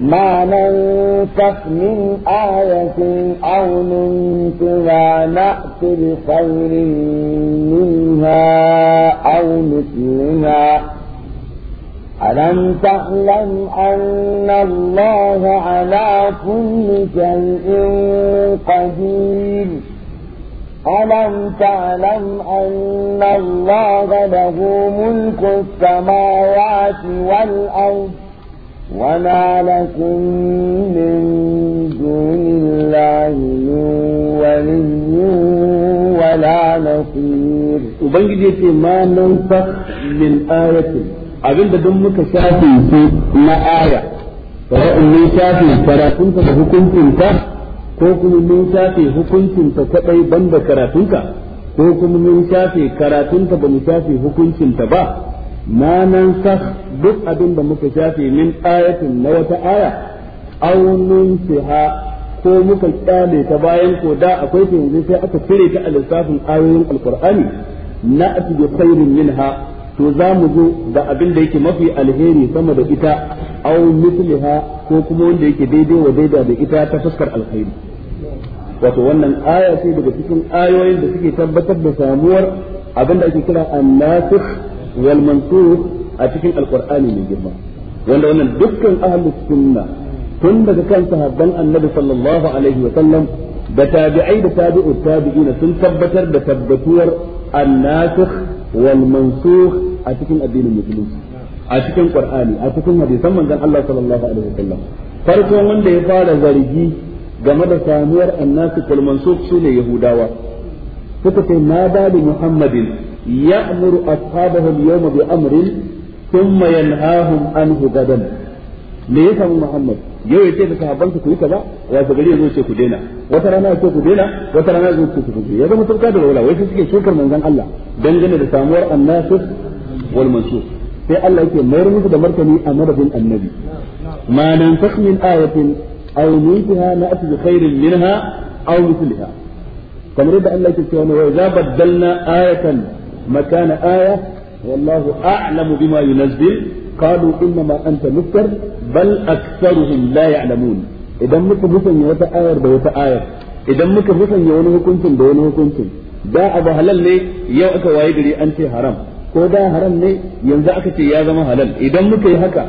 ما ننسخ من آية أو ننسها نأت بخير منها أو مثلها ألم تعلم أن الله على كل شيء قدير ألم تعلم أن الله له ملك السماوات والأرض وما لكم من دون الله من ولي ولا نصير وبنجي في ما ننسخ من آية abin da don muka shafe su na aya sawa'un mun shafe karatunka da hukuncinka ko kuma mun shafe hukuncinka kadai banda karatunka ko kuma mun shafe karatunka ba mu shafe hukuncinta ba ma nan duk abin da muka shafe min ayatin na wata aya aw nunsiha ko muka kyale ta bayan ko da akwai ta yanzu sai aka cire ta a lissafin ayoyin alqur'ani na ati bi khairin minha to za mu zo da abin da yake mafi alheri sama da ita aw mithliha ko kuma wanda yake daidai wa daida da ita ta fuskar alheri wato wannan aya ce daga cikin ayoyin da suke tabbatar da samuwar abin da ake kira annasikh wal mansukh a cikin alqur'ani mai girma wanda wannan dukkan ahlus sunna tun daga kan sahabban annabi sallallahu alaihi wa sallam da tabi'ai da tabi'u tabi'ina sun tabbatar da tabbatuwar annasikh wal mansukh a cikin addinin musulunci a cikin qur'ani a cikin hadisan manzon Allah sallallahu alaihi wa sallam farkon wanda ya fara zargi game da samuwar annasikh kulman mansukh sune yahudawa suka ce ba bali muhammadin يأمر أصحابه اليوم بأمر ثم ينهاهم عنه غدا me ya samu Muhammad yau ya ce da sahabbansa ku yi kaza wa ta gari wata rana ya ce ku wata rana yazo ce ku daina ya zama turka da wala wai suke shukar manzon Allah dangane da samuwar annasus wal mansur sai Allah yake mayar musu da martani a madadin annabi ma nan takmin ayatin kamar yadda Allah yake cewa wa za ayatan مكان آية والله أعلم بما ينزل قالوا إنما أنت مفتر بل أكثرهم لا يعلمون ayar da wani hukuncin da wani hukuncin ne yau aka haram ko da haram ne yanzu aka ce ya zama halal idan muka yi haka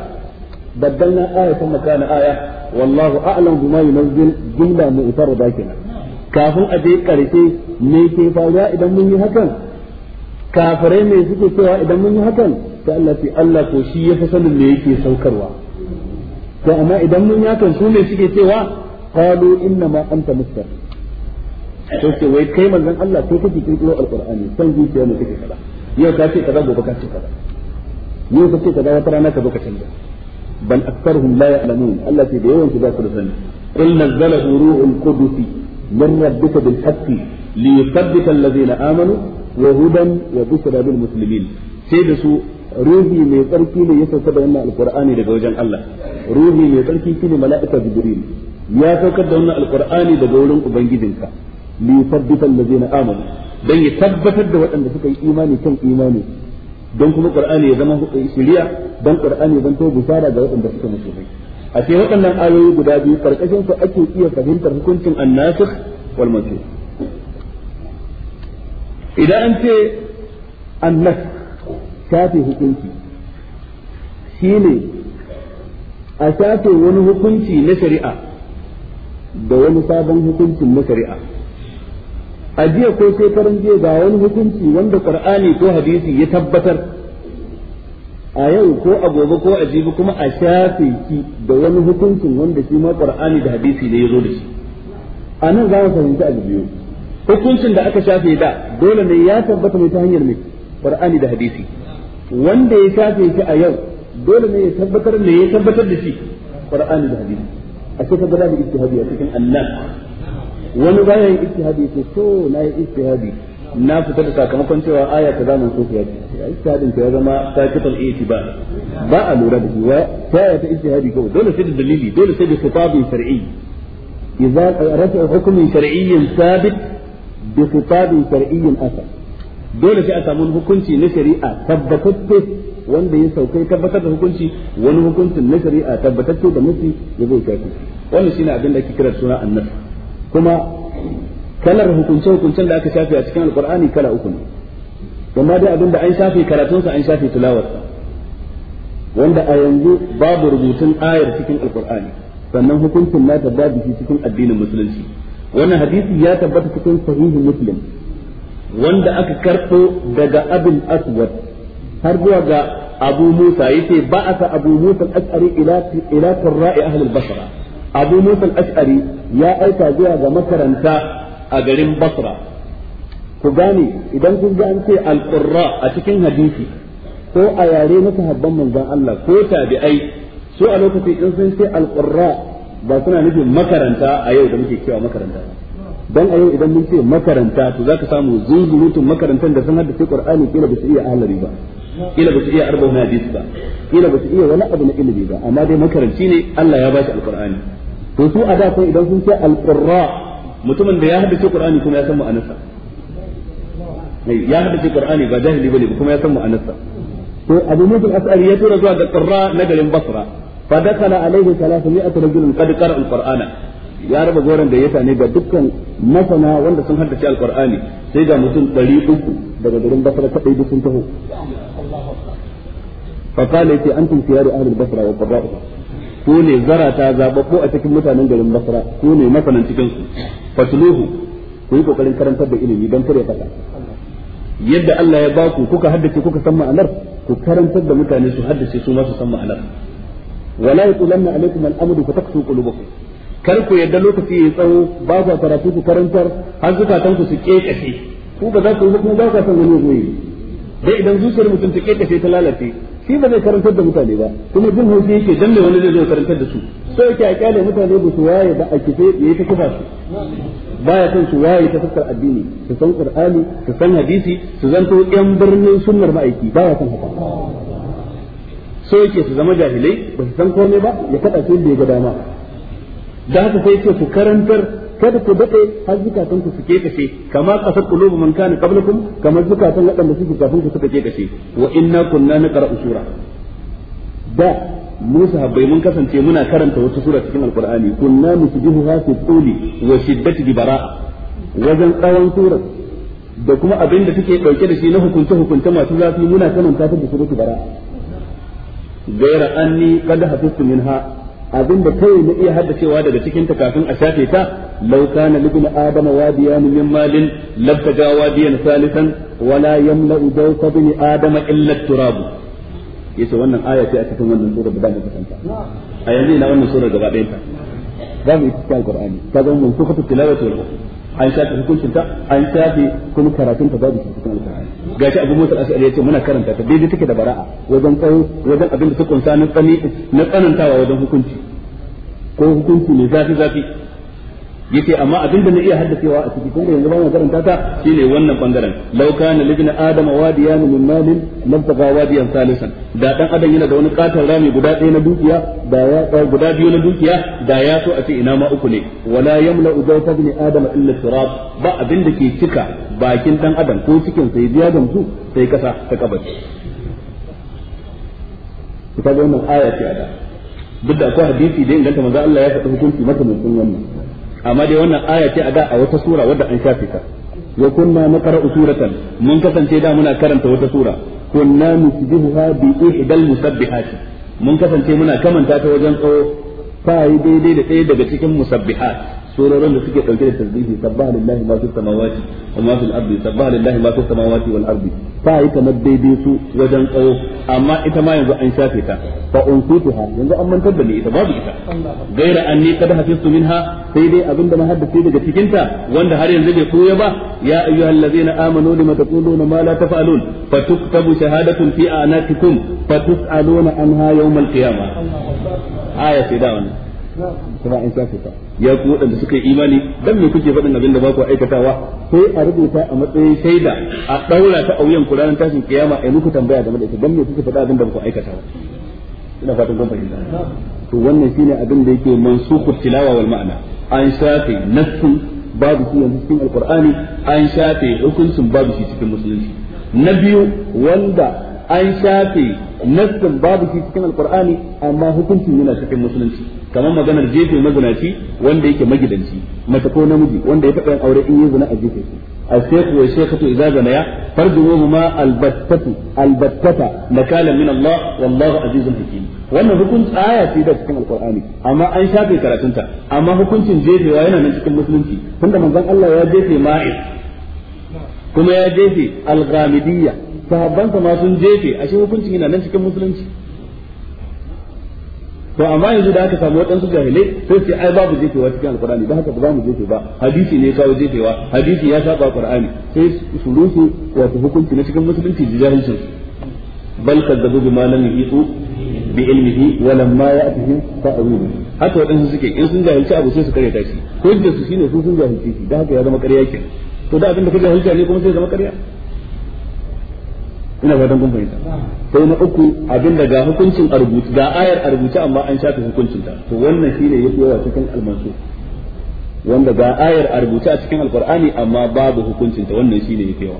baddalna aya ta makana aya wallahu a'lam bima yunzil jumla mu'tarada kenan kafin a je karshe me ke faruwa idan mun yi hakan kafirai mai suke cewa idan mun yi hakan to Allah ce Allah ko shi ya fi sanin me yake saukarwa to amma idan mun yi hakan su ne suke cewa qalu inna ma anta mustar to ce wai kai manzon Allah ko kake kirkiro alqur'ani san zuciya mu kake kaza yau ka ce kaza gobe ka ce kaza yau ka ce kaza wata rana ka zo ka canja bal aktharuhum la ya'lamun Allah ce da yawan su ba su da sani qul nazzalahu ruhul qudus min rabbika bil haqqi liyuthabbita alladhina amanu wa hudan wa bushra lil sai da su ruhi mai tsarki ne ya sauka da wannan alqur'ani daga wajen Allah ruhi mai tsarki shine mala'ika jibril ya saukar da wannan alqur'ani daga wurin ubangijinka li yuthabbita allazina amanu dan ya tabbatar da waɗanda suka yi imani kan imani don kuma qur'ani ya zama shiriya dan qur'ani ya zanto bishara ga waɗanda suka musulmai a ce waɗannan ayoyi guda biyu karkashin su ake iya fahimtar hukuncin annasikh wal mansukh idan an ce annas shafe hukunci shi ne a shafe wani hukunci na shari'a da wani sabon hukuncin na shari'a a jiya ko farin jiya ga wani hukunci wanda ƙar'ani ko hadisi ya tabbatar a yau ko a gobe ko a jibi kuma a shafe ki da wani hukuncin wanda shi ma ƙar'ani da hadisi ne ya zo da shi a nan za mu fahimci abu biyu hukuncin da aka shafe da dole ne ya tabbata ne ta hanyar mai qur'ani da hadisi wanda ya shafe shi a yau dole ne ya tabbatar ne ya tabbatar da shi qur'ani da hadisi a ce ka da ijtihadi a cikin annan wani bayan ijtihadi ya ce to na yi ijtihadi na fita da sakamakon cewa aya ta zamun so ya ce ijtihadin ta ya zama sakitul itiba ba a lura da shi wa ta ya ta ijtihadi ko dole sai da dalili dole sai da kitabin shar'i idza rafa'a hukmin shar'iyyin sabit bi khitabin shar'iyyin asa dole sai a samu hukunci na shari'a tabbatacce wanda ya saukai tabbatar da hukunci wani hukuncin na shari'a tabbatacce da nufi ya zai kafi wannan shine abin da ake kira suna annas kuma kalar hukunce hukuncen da aka shafe a cikin alqur'ani kala uku ne amma dai abin an shafe karatunsa an shafe tilawarsa wanda a yanzu babu rubutun ayar cikin alqur'ani sannan hukuncin nata babu shi cikin addinin musulunci wannan hadisi ya tabbata cikin sahihin muslim wanda aka karɓo daga abin aswad har zuwa ga abu musa yace ba'asa abu musa al ila ila qurra'i basra abu musa al ya aika zuwa ga makaranta a garin basra ku gane idan kun ga an ce al a cikin hadisi ko a yare na sahabban manzon Allah ko tabi'ai su a lokacin in sun ce al'urra. ba suna nufin makaranta a yau da muke cewa makaranta dan a yau idan mun ce makaranta to zaka samu zuzurutun makarantar da sun haddace Qur'ani kila ba su iya ahlari ba kila ba su iya arba'un hadis ba kila ba su iya wani abu na ilimi ba amma dai makaranci ne Allah ya ba shi alqur'ani to su a da kun idan sun ce alqurra mutumin da ya haddace Qur'ani kuma ya san ma'anarsa ya haddace Qur'ani ba jahili bane kuma ya san ma'anarsa to Abu Musa al ya tura zuwa ga Qurra na garin Basra fa dakala alaihi 300 rajulun qad qara alqur'ana ya raba goron da yasa ne ga dukkan masana wanda sun haddace alqur'ani sai ga mutum 300 daga garin basra kadai duk sun taho fa qala yati antum siyaru ahli basra wa qurra'uha ko ne zarata zababbu a cikin mutanen garin basra ko ne masanan cikin su fatluhu ku yi kokarin karantar da ilimi dan kare fata yadda Allah ya ba ku kuka haddace kuka san ma'anar ku karantar da mutane su haddace su ma su san ma'anar wala yatulanna alaikum al'amdu fataksu qulubakum kar ku yadda lokaci ya tsawo ba ku karatu ku karantar har zukatan ku su kekashe ku za ku yi kuma ba ku san wani goyi dai idan zuciyar mutum ta kekashe ta lalace shi ba zai karantar da mutane ba kuma jin haushi yake dan wani zai zo karantar da su so yake mutane ba su waye ba a kife yayi ta kifa su baya son su waye ta fuskar addini su san qur'ani su san hadisi su zanto yan birnin sunnar ma'aiki baya son haka so yake su zama jahilai ba su san komai ba ya faɗa su da ya ga dama da haka sai ce karantar kada ku daɗe har zukatan ku su kekashe kama kasar qulubu man kana qablakum kamar zukatan waɗanda suke kafin ku suka kekashe wa inna kunna naqra'u usura. da mu sahabbai mun kasance muna karanta wata sura cikin alqur'ani kunna nusbihuha fi quli wa shiddati bara'a wajen tsawon surar da kuma abin da take dauke da shi na hukunce hukunce masu zafi muna kananta ta da suratu bara'a gaira anni qad hafistu minha abinda kai na iya haddacewa daga cikin ta kafin a shafe ta law kana libn adama wadiyan min malin labtaga wadiyan salisan wala yamla'u dawqa bin adama illa Turabu. yace wannan aya ce a cikin wannan sura da zamu kasanta a yanzu ina wannan sura gaba ɗayan ta zamu yi cikin alqur'ani ta zama mun sukatu tilawati wal hukm an shafe hukuncin ta an shafe kuma karatun ta babu cikin alkur'ani gashi abu musa ya yace muna karanta ta daidai take da bara'a wajen tsawo wajen abin da ta kunsa na na tsanantawa wajen hukunci ko hukunci ne zafi zafi yace amma abin da na iya haddacewa a ciki tunda yanzu ba mu karanta ta shine wannan bangaren law kana libna adama wadiyan min malin lam wadiyan salisan da dan adam yana da wani katon rami guda ɗaya na dukiya da ya guda biyu na dukiya da ya so a ce ina ma uku ne wala yamla udawta ibn adam illa turab ba abin da ke cika bakin dan adam ko cikin sai biya gamsu sai kasa ta kabace ita wannan aya ce a da duk da akwai hadisi da inganta manzo Allah ya faɗi hukunci mata mutum wannan amma dai wannan aya ce a da a wata sura wadda an shafe ta wa kunna nakara suratan mun kasance da muna karanta wata sura kunna nusbihuha bi ihdal musabbihati mun kasance muna kamanta ta wajen tsawo fa yi daidai da ɗaya daga cikin musabbihati surorin da suke ɗauke da tasbihi sabbaha lillahi ma fis samawati wa ma fil ardi sabbaha lillahi ma fis samawati wal ardi ta yi kamar daidai su wajen tsawo amma ita ma yanzu an shafe ta fa unsituha yanzu an mantar da ni ita babu ita gaira anni kad hafistu minha sai dai abinda na haddace daga cikin ta wanda har yanzu bai koya ba ya ayyuhallazina amanu lima taquluna ma la taf'alun fatuktabu shahadatun fi a'natikum fatus'aluna anha yawmal qiyamah aya sai da wannan kuma an shafe ta ya ku waɗanda suka yi imani dan me kuke faɗin abin da ba ku aikatawa sai a rubuta a matsayin shaida a ɗaura ta a wuyan ku ranar tashin kiyama a yi muku tambaya game da ita dan me kuke faɗa abin da ba ku aikatawa ina fatan kun fahimta to wannan shine abin da yake mansukhu tilawa wal ma'ana an shafe nassin babu shi yanzu cikin alqur'ani an shafe hukuncin babu shi cikin musulunci na biyu wanda an shafe nassin babu shi cikin alqur'ani amma hukuncin yana cikin musulunci kamar maganar jefe mazinaci wanda yake magidanci mace ko namiji wanda ya taɓa yin aure in yi zina a jefe su الشيخ والشيخة إذا زنيا فرجموهما البتة البتة نكالا من الله والله عزيز حكيم wannan hukunci aya ce da cikin alqur'ani amma an shafe karatunta amma hukuncin jefewa yana nan cikin musulunci tunda manzon Allah ya jefe ma'i kuma ya jefe al-ghamidiyya sahabban ma sun jefe ashe hukuncin yana nan cikin musulunci to amma yanzu da aka samu waɗansu jahilai sai sai ai babu jefewa cikin alkur'ani don haka ba za mu jefe ba hadisi ne kawo jefewa hadisi ya saba alkurani sai su rusu wato hukunci na cikin musulunci da jahilcin bal kadzabu bima lam yuhitu bi ilmihi wa lam ma ya'tihim ta'wil haka waɗansu suke in sun jahilci abu sai su kare ta shi hujjar su shine sun jahilci shi da haka ya zama ƙarya kin to da abin da ka jahilci ne kuma sai zama ƙarya ina fatan kun fahimta sai na uku abin da ga hukuncin a rubuta ga ayar a rubuta amma an shafe hukuncin ta to wannan shine yafi yawa cikin almansu wanda ga ayar a rubuta a cikin alqur'ani amma babu hukuncin ta wannan shine yafi yawa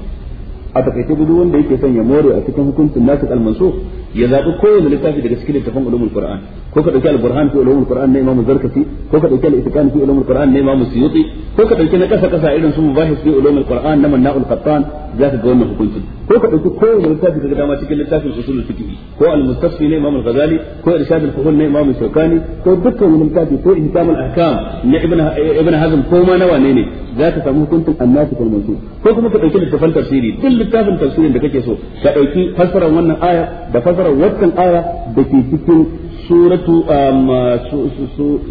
a takaice gudu wanda yake son ya more a cikin hukuncin nasu almansu ya zabi kowane littafi daga cikin littafin ulumul qur'an ko ka dauki al-qur'an ko ulumul qur'an ne imamu zarkafi ko ka dauki al-itqan ko ulumul qur'an ne imamu suyuti ko ka dauki na kasa kasa irin su mubahis fi ulumul qur'an na manna'ul qattan zaka ga wannan hukunci ko ka dauki kowane littafi daga dama cikin littafin usulul fiqh ko al-mustafi ne imamu al-ghazali ko irshad al-fuhul ne imamu shawkani ko dukkan wannan littafi ko ihkam al-ahkam na ibn ibn hazm ko ma nawa ne ne za ka samu hukuncin annasikh wal-mansukh ko kuma ka dauki littafin tafsiri duk littafin tafsirin da kake so ka dauki fassarar wannan aya da fassarar fassarar wannan aya da ke cikin suratu um,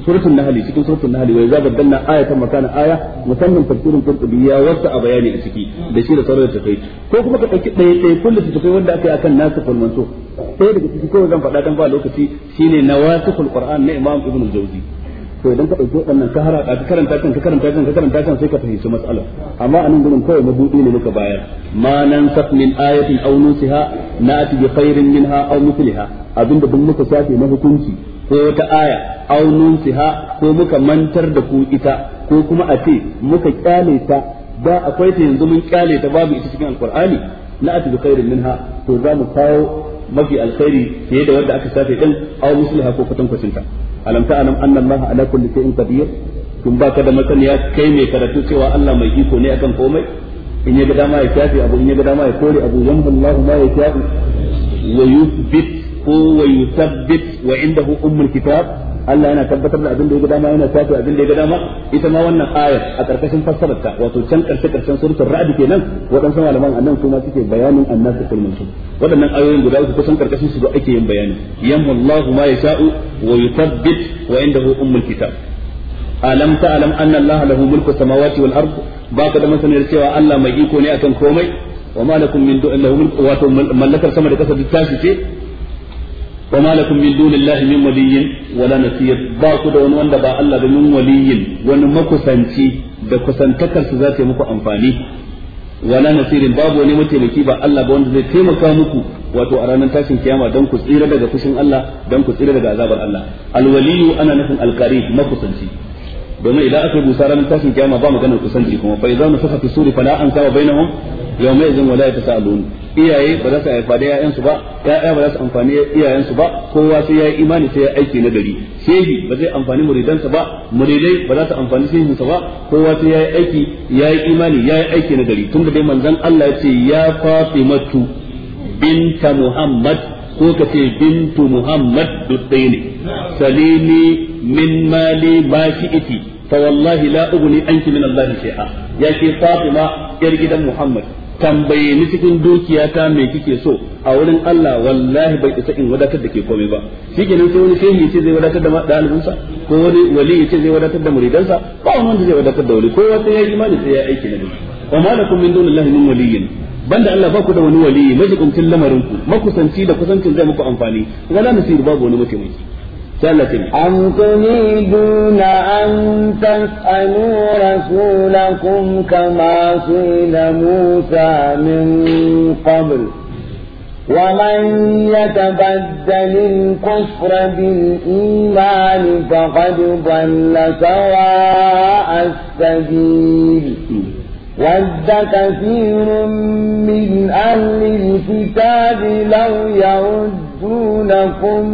suratul nahl cikin suratul nahl wai za aya ayatan makana aya musamman tafsirin qurtubi ya wata a bayani a ciki da shi da sauran da kai ko kuma ka dauki ɗaya ɗaya kullu da kai wanda aka akan nasu falmanto ɗaya daga ciki kawai zan faɗa dan ba lokaci shine nawasikul qur'an na imam ibnu jawzi to idan ka ɗauki wannan ka haraka ka karanta kan ka karanta kan ka karanta kan sai ka fahimci mas'ala amma anan gurin kawai mabudi ne muka bayar ma nan saf min ayatin aw nusiha na'ti bi khairin minha aw mithliha abinda duk muka shafe na hukunci ko wata aya aw nusiha ko muka mantar da ku ita ko kuma a ce muka kyale ta ba akwai ta yanzu mun kyale ta babu ita cikin alqur'ani na'ti bi khairin minha to za mu kawo mafi alkhairi fiye da wanda aka shafe din aw musliha ko fatan kwacinta alam ta'lam anna Allah ala kulli shay'in qadir kun baka da masaniya kai mai karatu cewa Allah mai iko ne akan komai in ya ga dama ya shafe abu in ya ga dama ya kore abu yamhu Allah ma ya shafe wa yuthbit ko wa yuthabbit wa indahu ummul kitab Allah yana tabbatar da abin da ya ga dama yana tafi abin da ya ga dama ita ma wannan ayar a karkashin fassarar ta wato can karshe karshen suratul ra'd kenan wadansu malaman annan su ma suke bayanin annasu kulmun su wadannan ayoyin guda uku kusan karkashin su ake yin bayani yamullahu ma yasha'u wa yuthabbit wa indahu ummul kitab alam ta'lam anna Allah lahu mulku samawati wal ard baka da masaniyar cewa Allah mai iko ne akan komai wa ma min du'in mulku wato mallakar sama da kasa duk tashi ce wa ma lakum min dunillahi min waliyyin wala nasir ba ku da wani wanda ba Allah da min waliyyin wani makusanci da kusantakar su za ta muku amfani wala nasirin babu wani mataimaki ba Allah ba wanda zai taimaka muku wato a ranar tashin kiyama don ku tsira daga fushin Allah don ku tsira daga azabar Allah alwaliyu ana nufin alqarib makusanci domin idan aka busa ranar tashin kiyama ba maganar kusanci kuma fa idza nufikha fi suri fala ansaba bainahum yawma idhin wala yatasaalun iyaye ba za su haifa da ba 'ya'ya ba za su amfani iyayensu ba kowa sai yayi imani sai ya aiki na gari shehi ba zai amfani muridansa ba muridai ba za su amfani shehinsa ba kowa sai yayi aiki yayi imani yayi aiki na gari da dai manzon Allah ya ce ya Fatimatu binta Muhammad ko ka ce bintu Muhammad duk ne salini min mali ma iti fa wallahi la ughni anki min Allah shay'a ya ce Fatima yar gidan Muhammad tambaye ni cikin dukiyata me kike so a wurin Allah wallahi bai isa in wadatar da ke komai ba shi ke sai wani shehi ce zai wadatar da dalibinsa ko wani wali ce zai wadatar da muridansa ba wani wanda zai wadatar da wali ko wata yayi imani sai ya aiki na dole wa malakum min dunillahi min waliyin banda Allah ba ku da wani wali majikuntin lamarin ku makusanci da kusancin zai muku amfani wala nasiru babu wani mutumin. سنة أم تريدون أن تسألوا رسولكم كما سئل موسى من قبل ومن يتبدل الكفر بالإيمان فقد ضل سواء السبيل ود كثير من أهل الكتاب لو يرد يَرُدُّونَكُمْ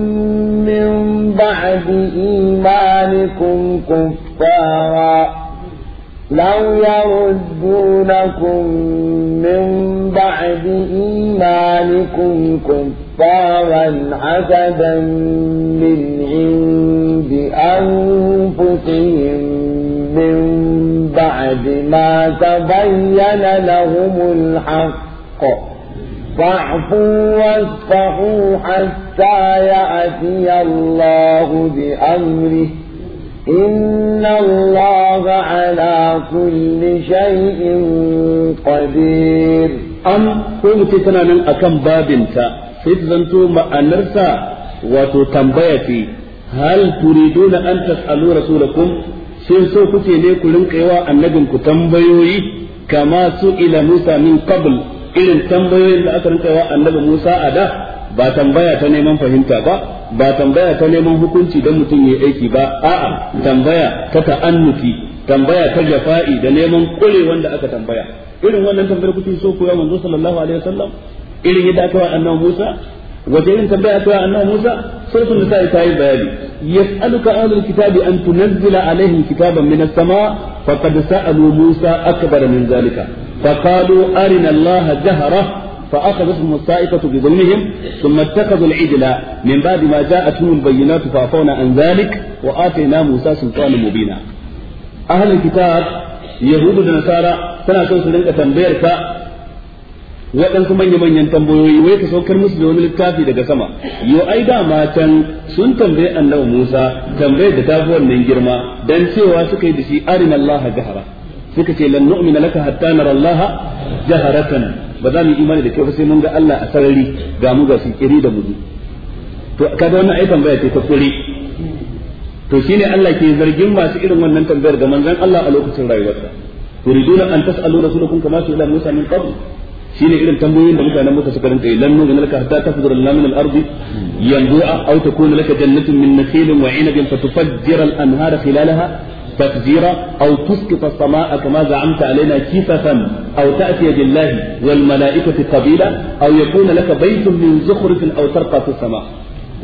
من بعد إيمانكم كفارا لو يردونكم من بعد إيمانكم كفارا حَسَدًا من عند أنفسهم من بعد ما تبين لهم الحق فاعفوا واصفحوا حتى يأتي الله بأمره إن الله على كل شيء قدير أم كنت تنامين أكم بابنتا فإذا مأنرسا وتتنبيتي هل تريدون أن تسألوا رسولكم shin so kuke ne ku rinka yawa annabinku tambayoyi kama su ila Musa min qabl irin tambayoyin da aka rinka wa annabi Musa a da ba tambaya ta neman fahimta ba ba tambaya ta neman hukunci don mutum ya aiki ba a'a tambaya ta ta'annufi tambaya ta jafa'i da neman kure wanda aka tambaya irin wannan tambayar kuke so koya manzo sallallahu alaihi wasallam irin yadda aka wa annabi Musa wace irin tambaya aka wa annabi Musa suratul nisa ta yi bayani yas'aluka ahlul kitabi an tunzila alaihim kitaban minas sama faqad sa'alu Musa akbar min zalika فقالوا أرنا الله جهرة فأخذتهم الصائفة بظلمهم ثم اتخذوا العجل من بعد ما جاءتهم البينات فعفونا عن ذلك وآتينا موسى سلطانا مبينا أهل الكتاب يهود ونصارى سنة سنة تنبيرك waɗansu manya-manyan tambayoyi wai ka saukar musu da wani littafi daga sama yo ai dama can sun tambaye annabi Musa tambayar da tafi wannan girma dan cewa suka yi da shi arinallaha gahara suka ce lan nu'mina laka hatta nara Allah jaharatan ba za mu imani da kai ba sai mun ga Allah a sarari ga mu ga shi da mu. to kaga wannan ai tambaya ce ta kuri to shine Allah ke zargin masu irin wannan tambayar ga manzon Allah a lokacin rayuwarsa turiduna an tas'alu rasulakum kama su'ila Musa min qabl shine irin tambayoyin da mutanen Musa suka rinka yi lan nu'mina laka hatta tafjura lana min al-ardi yanbu'a aw takuna laka jannatun min nakhilin wa 'inabin fatufajjira al-anhara khilalaha تفجيرا أو تسقط السماء كما زعمت علينا كسفا أو تأتي بالله والملائكة قبيلا أو يكون لك بيت من زخرف أو ترقى في السماء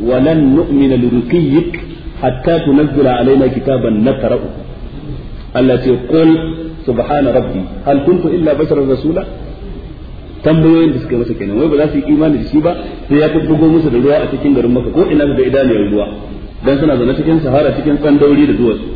ولن نؤمن لرقيك حتى تنزل علينا كتابا نقرأه التي قل سبحان ربي هل كنت إلا بشرا رسولا tambayoyin da suka masa kenan wai ba za su yi imani da shi ba sai ya bubbugo musu da ruwa a cikin garin maka ko ina da idaniyar ruwa dan suna zaune cikin sahara cikin tsandauri da duwatsu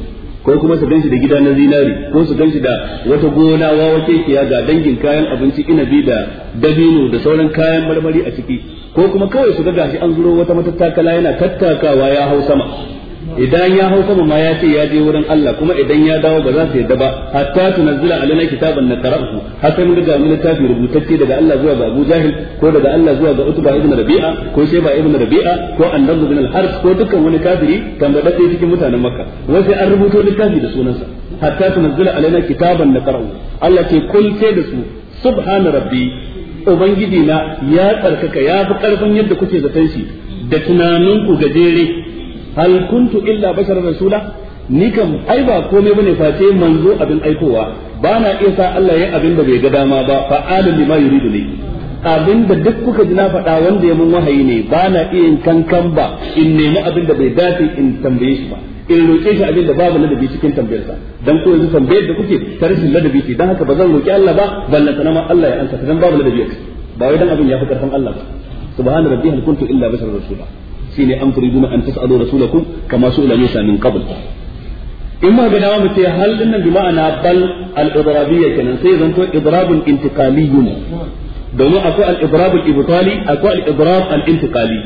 ko kuma su ganshi da gida na zinari ko su ganshi da wata gona wawa kekiya ga dangin kayan abinci inabi da dabino da sauran kayan marmari a ciki ko kuma kawai su ga gashi an zuro wata matattakala yana tattakawa ya hau sama idan ya hau sama ma ya ce ya je wurin Allah kuma idan ya dawo ba za su yadda ba hatta tunazzila alaina kitaban naqra'uhu har sai mun ga mun littafi rubutacce daga Allah zuwa ga Abu Jahil ko daga Allah zuwa ga Utba ibn Rabi'a ko ba ibn Rabi'a ko Andab ibn al-Harith ko dukkan wani kafiri tambadadde cikin mutanen Makka wai sai an rubuto littafi da sunansa hatta tunazzila alaina kitaban naqra'uhu Allah ce kul sai da su subhana rabbi ubangiji na ya tsarkaka ya fi karfin yadda kuke zaton shi da tunaninku gajere hal kuntu illa bashar rasula ni kam ai ba komai bane face manzo abin aikowa ba na iya sa Allah ya abin da bai ga dama ba fa alim ma yuridu ne abin da duk kuka ji na faɗa wanda ya mun wahayi ne ba na iya yin kankan ba in nemi abin da bai dace in tambaye shi ba in roƙe shi abin da babu ladabi cikin tambayarsa dan ko yanzu tambayar da kuke ta rashin ladabi ce dan haka ba zan roƙi Allah ba ballanta na ma Allah ya ansa dan babu ladabi ba wai dan abin ya fi karfin Allah ba subhana rabbihal kuntu illa basharar rasula shine an turiduna an tas'alu rasulakum kama su'ila Musa min qabl in ma ga mu ce hal dinnan bi ma'ana bal al-idrabiyya kenan sai zanto idrabun intiqaliyyun domin akwai al-idrab al-ibtali akwai al-idrab al-intiqali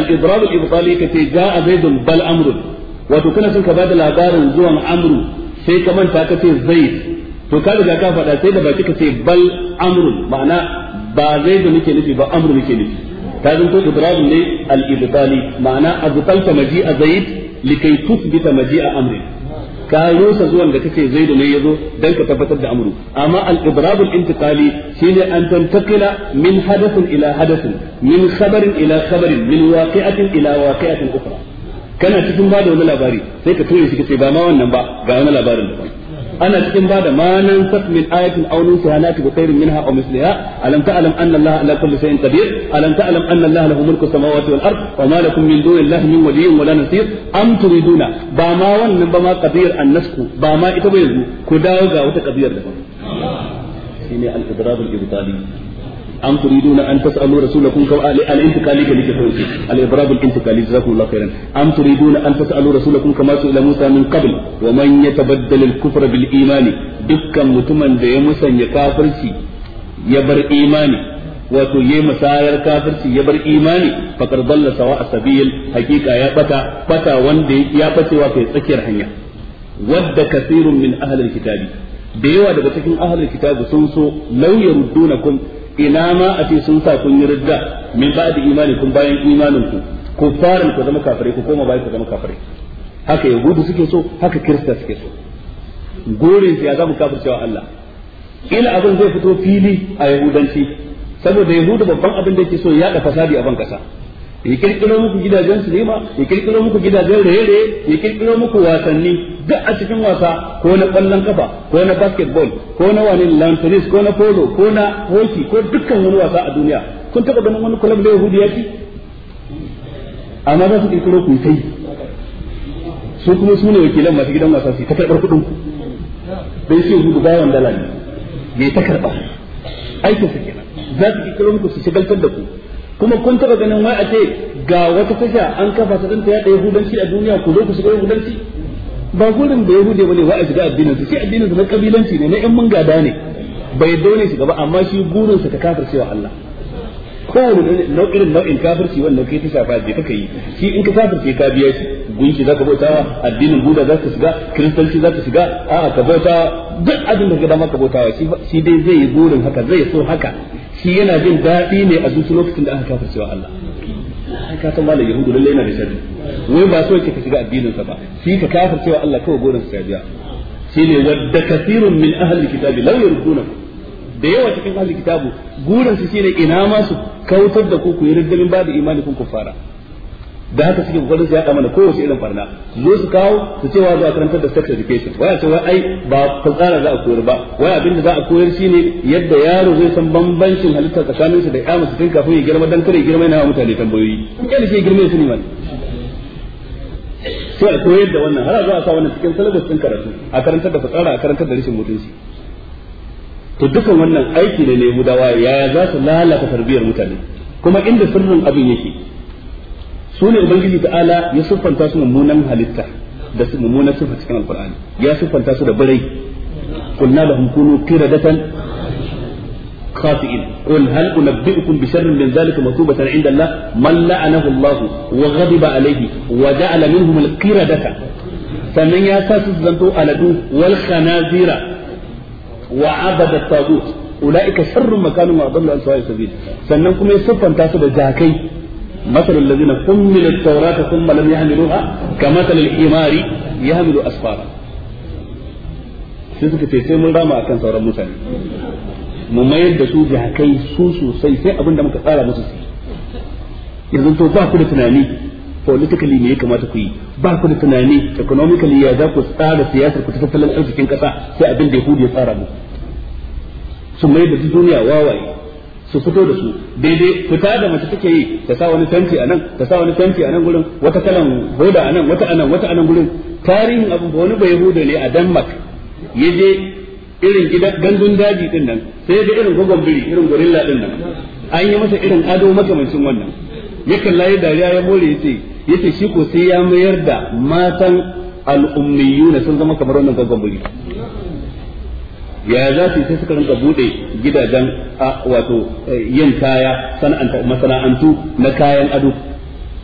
al-idrab al-ibtali kace ja'a zaidun bal amrun wato kana son ka bada labarin zuwan amru sai ka manta ka ce zaid to ka riga ka faɗa sai da baki ka ce bal amrun ma'ana ba zaidu nake nufi ba amru nake nufi ta zanto idrarun ne al-ibtali ma'ana abtalta maji'a zaid likai tusbita maji'a amri ka rusa zuwan da kace zaidu ne yazo dan ka tabbatar da amru amma al-idrab al-intiqali shine an tantakila min hadathin ila hadathin min khabarin ila khabarin min waqi'atin ila waqi'atin ukhra kana cikin ba da wani labari sai ka tura shi kace ba ma wannan ba ga wani labarin daban ana cikin ba da manan saf min ayatin aw nusiha nati bi khairin minha aw misliha alam ta'lam anna Allah ala kulli shay'in qadir alam ta'lam anna Allah lahu mulku samawati wal ard wa ma lakum min duni Allah min waliyyin wala nasir am turiduna ba ma wannan ba ma an annasku ba ma ita ba yanzu ku dawo ga wata qadiyar daban shine al-idrab al-ibtali am turiduna an tas'alu rasulakum kaw al-intiqali ka lika sauki al-ibrab al-intiqali jazakumullahu khairan am turiduna an tas'alu rasulakum kama su'ila Musa min qabl wa man yatabaddal al-kufra bil imani dukkan mutumin da ya musanya kafirci ya bar imani wato ya masayar kafirci ya bar imani fakar dalla sawa asabil hakika ya bata bata wanda ya bacewa kai tsakiyar hanya wadda kasirun min ahlil kitabi da yawa daga cikin ahlul kitabi sun so law kun. ina ma a ce sun sa kun yi ridda min ba da imani kun bayan imanin ku ku fara ku zama kafirai ku koma bayan ku zama kafirai haka yahudu suke so haka kirista suke so gurin ya zamu kafircewa Allah ila abin zai fito fili a yahudanci saboda yahudu babban abin da yake so ya da fasadi a ban kasa ya kirkiro muku gidajen sinima ya kirkiro muku gidajen raye-raye ya kirkiro muku wasanni duk a cikin wasa ko na ƙwallon kafa ko na basketball ko na wani lantanis ko na polo ko na hockey ko dukkan wani wasa a duniya kun taɓa ganin wani kulab da yahudi ya ci amma za su kirkiro ku sai su kuma su ne wakilan masu gidan wasa su ta karɓar kuɗin ku bai su yahudu bayan dala ne bai ta karɓa aikinsa kenan za su kirkiro muku su shigaltar da ku kuma kun taba ganin wai a ce ga wata tasha an kafa ta danta ya da yahudanci a duniya ku zo ku shiga yahudanci ba gurin da yahude bane wai a shiga addinin su shi addinin su na kabilanci ne na yan gada ne bai dole shiga ba amma shi gurin sa ta wa Allah kowane nau'in nau'in kafirci wannan kai ta shafa je kaka yi shi in ka kafirce ka biya shi gunki zaka bauta addinin buda zaka shiga kristanci zaka shiga a'a ka bauta duk abin da ka dama ka bauta shi dai zai yi burin haka zai so haka shi yana jin daɗi ne a zuci lokacin da aka kafircewa Allah ka san malam yahudu lalle yana da sharri wai ba so yake ka shiga addinin sa ba shi ka kafircewa Allah kawai burin sa biya. biya shine wadda kathirun min ahli kitabi law yurduna da yawa cikin ahli kitabu gurin su shine ina ma su kautar da ku ku yi riddamin ba da imani kun kufara da haka suke kokarin su yaɗa mana kowace irin farna zo su kawo su ce wa za a karantar da sex education waya ce wai ai ba tsara za a koyar ba waya abin da za a koyar shine yadda yaro zai san bambancin halitta tsakanin su da ya musu tun kafin ya girma dan kare girma yana mutane tambayoyi da shi girma su ne man sai a koyar da wannan har a zo a sa wannan cikin syllabus din karatu a karantar da fasara a karantar da rashin mutunci to dukan wannan aiki ne na yahudawa yaya za su lalata tarbiyyar mutane kuma inda sirrin abin yake su ne ubangiji ta'ala ya siffanta su mummunan halitta da su mummunan siffa cikin alqur'ani ya siffanta su da birai qulna lahum kunu qiradatan خاطئين قل هل أنبئكم بشر من ذلك مثوبة عند الله من لعنه الله وغضب عليه وجعل منهم القردة sannan ya sa su zanto aladu wal khanazira wa abada tagut ulaika sharrun makanun wa adallu an sawa'i sabil sannan kuma ya siffanta su da jakai مثل الذين حملوا التوراة ثم لم يحملوها كمثل الحمار يحمل أسفارا sai suka ce sai mun rama akan sauran mutane mu mayar da su jakai su sosai sai abin da muka tsara musu su yanzu to ba ku da tunani politically ne ya kamata ku yi ba ku da tunani economically ya za ku tsara siyasar ku ta tattalin arzikin kasa sai abin da yahudi ya tsara mu su mai da duniya wawaye su fito da su daidai fita da mace take yi ta sa wani tanti a nan ta sa wani tanti a nan gurin wata kalan hoda a nan wata a nan wata a nan gurin tarihin abu wani bai yahuda ne a denmark ya je irin gidan gandun daji din nan sai da irin gogon biri irin gorilla din nan an yi masa irin ado makamancin wannan ya kalla dariya ya more yace yace shi ko sai ya mayar da matan al'ummiyuna sun zama kamar wannan gaggon buri ya za su sai suka rinka bude gidajen wato eh, yin kaya masana'antu na kayan ado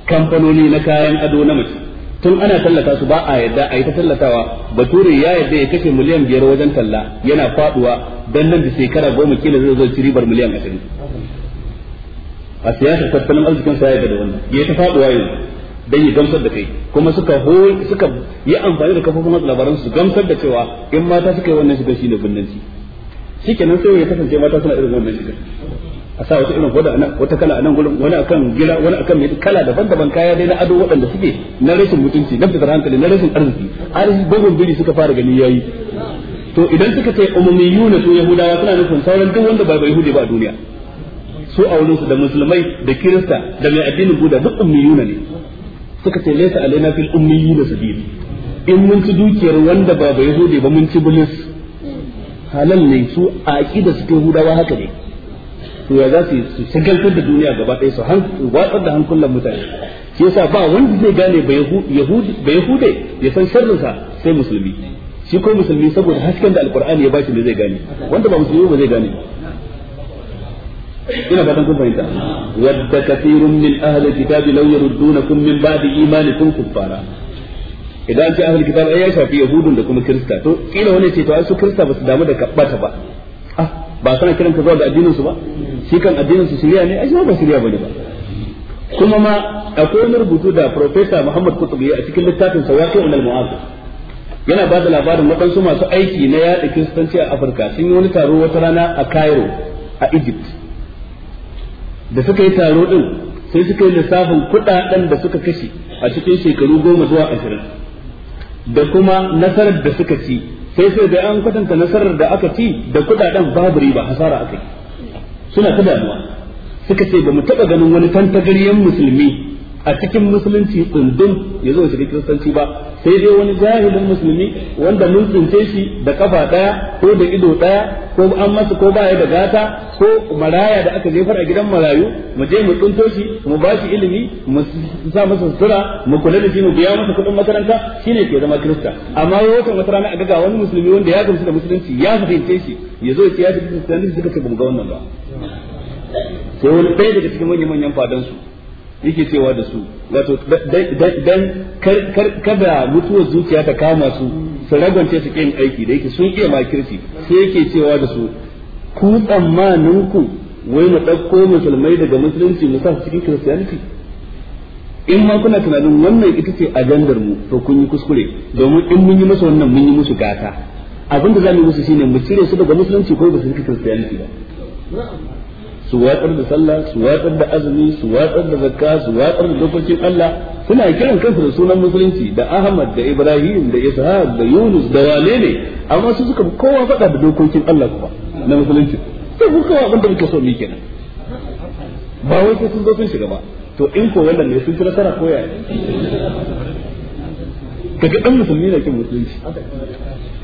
kamfanoni na kayan ado na mace tun ana tallata su ba a yadda a yi ta tallatawa bature ya yadda ya kashe miliyan biyar wajen talla yana faduwa dan nan da shekara goma kila zai zo ci ribar miliyan ashirin a siyasar tattalin arzikin sa ya da wannan ya ta faɗi wayo dan yi gamsar da kai kuma suka ho suka yi amfani da kafofin watsa labaran su gamsar da cewa in mata suka yi wannan shiga shine binnanci shikenan sai ya kasance mata suna irin wannan shiga a sa wata irin gwada anan wata kala anan gurin wani akan gila wani akan mai kala daban-daban kaya dai na ado waɗanda suke na rashin mutunci na fitar hankali na rashin arziki arziki bugun biri suka fara gani yayi to idan suka ce umumiyuna to yahudawa suna nufin sauran duk wanda ba yahudi ba a duniya su aurin su da musulmai da kirista da mai addinin buda duk ummiyuna ne suka ce laysa alaina fil ummiyina sabil in mun ci dukiyar wanda ba bai hude ba mun ci bilis halal ne su a aqida su ke hudawa haka ne to ya za su su shagaltar da duniya gaba ɗaya su han watsar da hankulan mutane shi yasa ba wanda zai gane ba yahudi ba yahudi ya san sharrinsa sai musulmi shi ko musulmi saboda hasken da alqur'ani ya bashi ne zai gane wanda ba musulmi ba zai gane ina fatan kun fahimta wadda kathirun min ahli kitabi law yaruddunakum min ba'di imanikum kuffara idan ce ahli kitab ai ya shafi yahudun da kuma kirista to kila wani ce to ai su kirista ba su damu da kabbata ba ah ba sana kiran ka zuwa ga addinin su ba shi kan addinin su shirya ne ai ba shirya bane ba kuma ma akwai wani rubutu da professor Muhammad Kutubi a cikin littafin sa waqi'un al-mu'az yana ba da labarin waɗansu masu aiki na yaɗa kiristanci a Afirka sun yi wani taro wata rana a Cairo a Egypt da suka yi taro ɗin sai suka yi lissafin kuɗaɗen da suka kashe a cikin shekaru goma zuwa ashirin da kuma nasarar da suka ci sai sai da an kwatanta nasarar da aka ci da kudaden babu riba hasara aka yi suna ta damuwa suka ce ba mu taba ganin wani tantagaryen musulmi a cikin musulunci tsundun ya zo shiga kiristanci ba sai dai wani jahilin musulmi wanda mun tsince shi da kafa daya ko da ido daya ko an masa ko baya da gata ko maraya da aka jefar a gidan marayu mu je mu tsinto shi mu ba shi ilimi mu sa masa sutura mu kula da shi mu biya masa kuɗin makaranta shine ke zama kirista amma yau kan wata rana a ga wani musulmi wanda ya gamsu da musulunci ya fahimce shi ya zo ya ci kiristanci suka ce ba mu ga wannan ba sai wani ɗaya daga cikin manyan manyan fadansu yake cewa da su wato dan kada mutuwar zuciya ta kama su su ragance su kin aiki da yake sun iya makirci sai yake cewa da su ku tsammanin ku wai mu ɗauko musulmai daga musulunci mu sa su cikin kristiyanci in ma kuna tunanin wannan ita ce ajandar mu to kun yi kuskure domin in mun yi musu wannan mun yi musu gata abin da za mu yi musu shine mu cire su daga musulunci ko ba su cikin kristiyanci ba su watsar da sallah su watsar da azumi su watsar da zakka su watsar da dokokin Allah suna kiran kansu da sunan musulunci da Ahmad da Ibrahim da Ishaq da Yunus da Wale ne amma su suka kowa faɗa da dokokin Allah kuma na musulunci sai kuka abin da muke so mu kenan ba wai sai sun zo sun shiga ba to in ko wannan ne sun ci nasara ko yaya kaga dan musulmi ne kin musulunci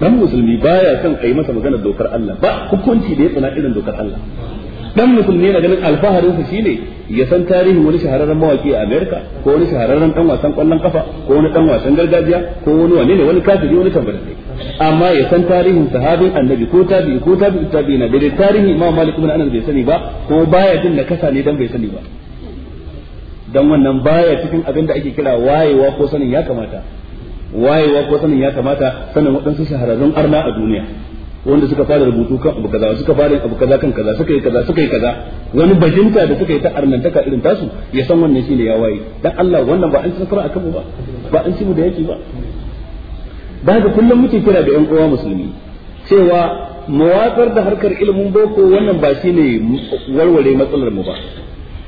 dan musulmi baya son a yi masa magana dokar Allah ba hukunci da ya tsana irin dokar Allah dan musulmi yana ganin alfaharin su shine ya san tarihin wani shahararren mawaki a America ko wani shahararren dan wasan kwallon kafa ko wani dan wasan gargajiya ko wani wane ne wani kafiri wani tabbatacce amma ya san tarihin sahabin annabi ko tabi ko tabi tabi na daidai tarihi ma malik ibn anas bai sani ba ko baya jin da kasa ne dan bai sani ba dan wannan baya cikin abin da ake kira wayewa ko sanin ya kamata wayewa ko sanin ya kamata sanin waɗansu shahararrun arna a duniya wanda suka fara rubutu kan abu kaza suka fara abu kaza kan kaza suka yi kaza suka yi kaza wani bajinta da suka yi ta arnantaka irin tasu ya san wannan shine ya waye dan Allah wannan ba an san nasara akan mu ba ba an ci mu da yake ba da kullum muke kira da yan uwa musulmi cewa mawatsar da harkar ilimin boko wannan ba shine warware matsalar mu ba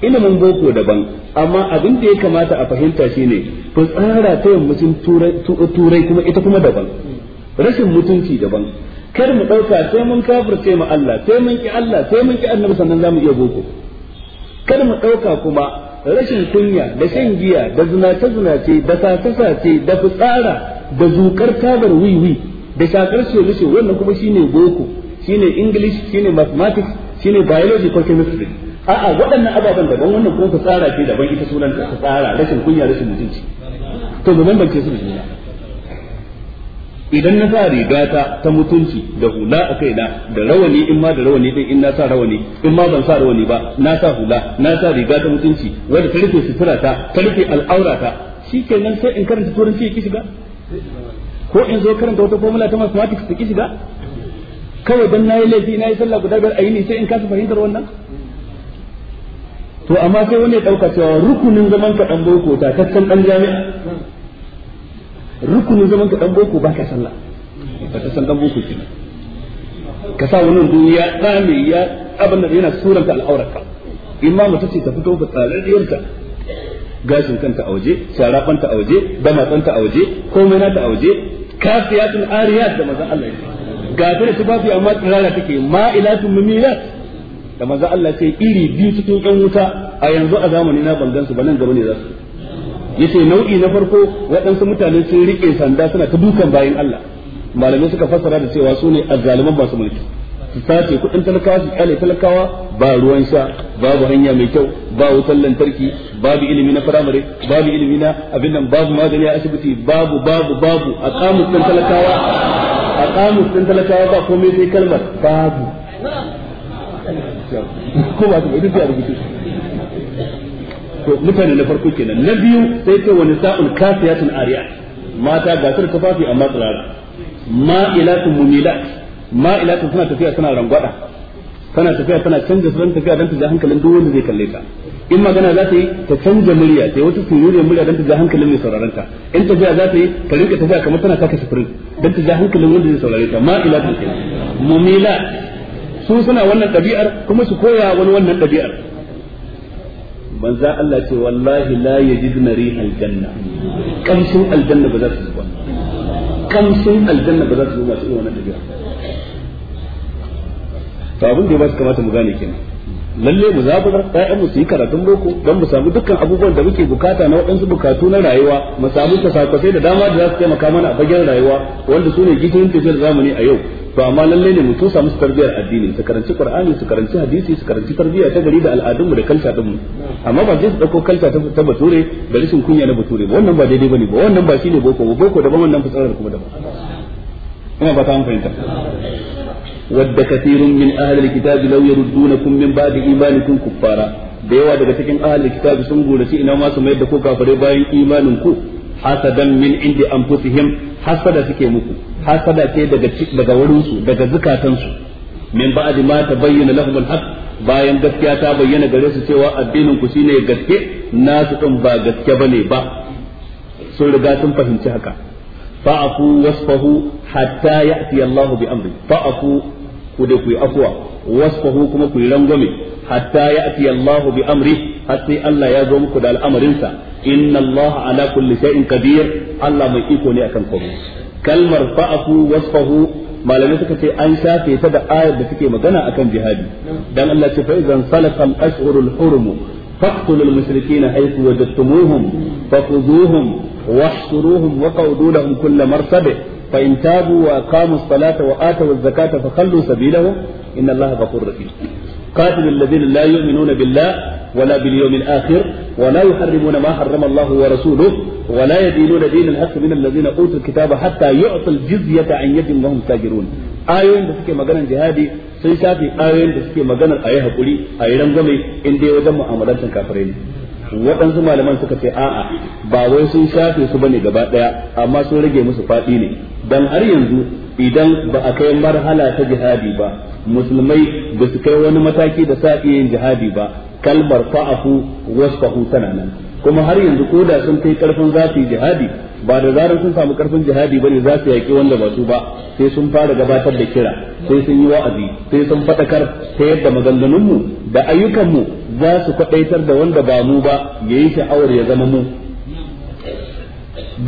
ilimin boko daban amma abin da ya kamata a fahimta shine ku tsara ta yammacin turai kuma ita kuma daban rashin mutunci daban kar mu ɗauka sai mun kafirce mu Allah sai mun ki Allah sai mun ki annabi sannan za mu iya boko kar mu ɗauka kuma rashin kunya da shan giya da zinace zinace da sace sace da fitsara da zukar tabar wiwi da shakar sholisho wannan kuma shine boko shine english shine mathematics shine biology ko chemistry a'a waɗannan ababen daban wannan ko fitsara ce daban ita sunanta fitsara rashin kunya rashin mutunci to ban bambance su da idan na sa rigata ta mutunci da hula a na da rawani in ma da rawani din in na sa rawani in ma ban sa rawani ba na sa hula na sa riga ta mutunci wanda ta rufe sutura ta ta rufe al'aura ta shikenan sai in karanta turanci ki shiga ko in zo karanta wata formula ta mathematics ki shiga kawai dan nayi laifi nayi sallah guda biyar ayini sai in kasa fahimtar wannan to amma sai wani ya dauka cewa rukunin zaman ka dan boko ta tattan dan jami'a rukunin zaman ka dan boko baka sallah ba ta san dan boko kenan ka sa wani duniya tsami ya abin da yana suranta al'auraka imma mace ce ta fito ka tsararriyarta gashin kanta a waje sharafanta a waje damatsanta a waje komai nata a waje kafiyatun ariyat da maza Allah ya su da tufafi amma tsirara take ma'ilatun mimiyat da maza Allah ya iri biyu cikin yan wuta a yanzu a zamani na bangansu ba nan gaba ne za su yace nau'i na farko waɗansu mutane sun rike sanda suna ta dukan bayan Allah malamai suka fassara da cewa su ne azzaliman masu mulki su sace kuɗin talakawa su kyale talakawa ba ruwan sha babu hanya mai kyau ba wutar lantarki babu ilimi na firamare babu ilimi na abin nan babu magani a asibiti babu babu babu a kamus ɗin talakawa a kamus talakawa ba komai sai kalmar babu ko ba su ba a rubutu to mutane na farko kenan na biyu sai ce wani sa'ul kasiyatun ariya mata ga su tufafi amma tsirara ma'ilatun mumilat ma'ilatun suna tafiya suna rangwada tana tafiya tana canza suran tafiya don ta ja hankalin duk wanda zai kalle ta in magana za ta yi ta canza murya ta yi wata sururiyar murya don ta ja hankalin mai sauraron ta in tafiya za ta yi ta rinka tafiya kamar tana taka sufurin don ta ja hankalin wanda zai saurare ta ma'ila ta ke mumila su suna wannan ɗabi'ar kuma su koya wani wannan ɗabi'ar manzo Allah ce wallahi la yajidna rihal janna kamshin aljanna ba za su zuba kamshin aljanna ba za su zuba cikin wannan tafiya to abin da ya ba su kamata mu gane kenan lalle mu zaburar ƴaƴan mu su yi karatun boko don mu samu dukkan abubuwan da muke bukata na waɗansu bukatu na rayuwa mu samu kasakasai da dama da za su taimaka mana a fagen rayuwa wanda su ne gishirin tafiyar zamani a yau to amma lalle ne mu tusa musu tarbiyar addini su karanci qur'ani su karanci hadisi su karanci tarbiyya ta gari da al'adun mu da kalta din mu amma ba zai su dauko kalta ta bature da rashin kunya na bature ba wannan ba daidai bane ba wannan ba shine boko ba boko daban wannan fitsarar kuma daban ina ba ta an fahimta wadda kathirun min ahli alkitabi law yaruddunakum min ba'di imanikum kuffara da yawa daga cikin ahli alkitabi sun gurace ina ma su mayar da ko kafare bayan imanin ku hasadan min indi anfusihim hasada suke muku hasada ce daga daga wurin su daga zukatan su min ba'di ma tabayyana lahum al bayan gaskiya ta bayyana gare su cewa addinin ku shine gaske na su din ba gaske bane ba sun riga sun fahimci haka fa'afu wasfahu hatta ya'ti Allahu bi amri fa'afu ku da ku yi afwa wasfahu kuma ku yi rangwame hatta yaci Allahu bi amri har sai Allah ya zo muku da al'amarinsa inna Allah ala kulli shay'in qadir Allah mai iko ne akan komai kalmar fa'afu wasfahu malamai suka ce an shafe ta da ayar da suke magana akan jihadi dan Allah ce fa idan salakal ashhurul hurum faqtulul mushrikeena haythu wajadtumuhum faquduhum wahsuruhum waqawdu lahum kull marsad fa in tabu wa zakata قاتل الذين لا يؤمنون بالله ولا باليوم الآخر ولا يحرمون ما حرم الله ورسوله ولا يدينون دين الحق من الذين أوتوا الكتاب حتى يعطوا الجزية عن يد وهم ساجرون ayoyin da suke maganar jihadi sun shafi ayoyin da suke maganar a yi haƙuri a yi rangwame in dai wajen mu'amalantar kafirai ne waɗansu malaman suka ce a'a ba wai sun shafe su bane gaba ɗaya amma sun rage musu faɗi ne dan har yanzu idan ba a kai marhala ta jihadi ba musulmai ba su kai wani mataki da sa iya yin jihadi ba kalmar fa'afu wasfahu tana nan kuma har yanzu ko da sun kai karfin za su yi jihadi ba da zarar sun samu karfin jihadi bane za su yaki wanda ba su ba sai sun fara gabatar da kira sai sun yi wa'azi sai sun fadakar ta yadda maganganunmu da ayyukanmu za su kwadaitar da wanda ba mu ba ya yi sha'awar ya zama mu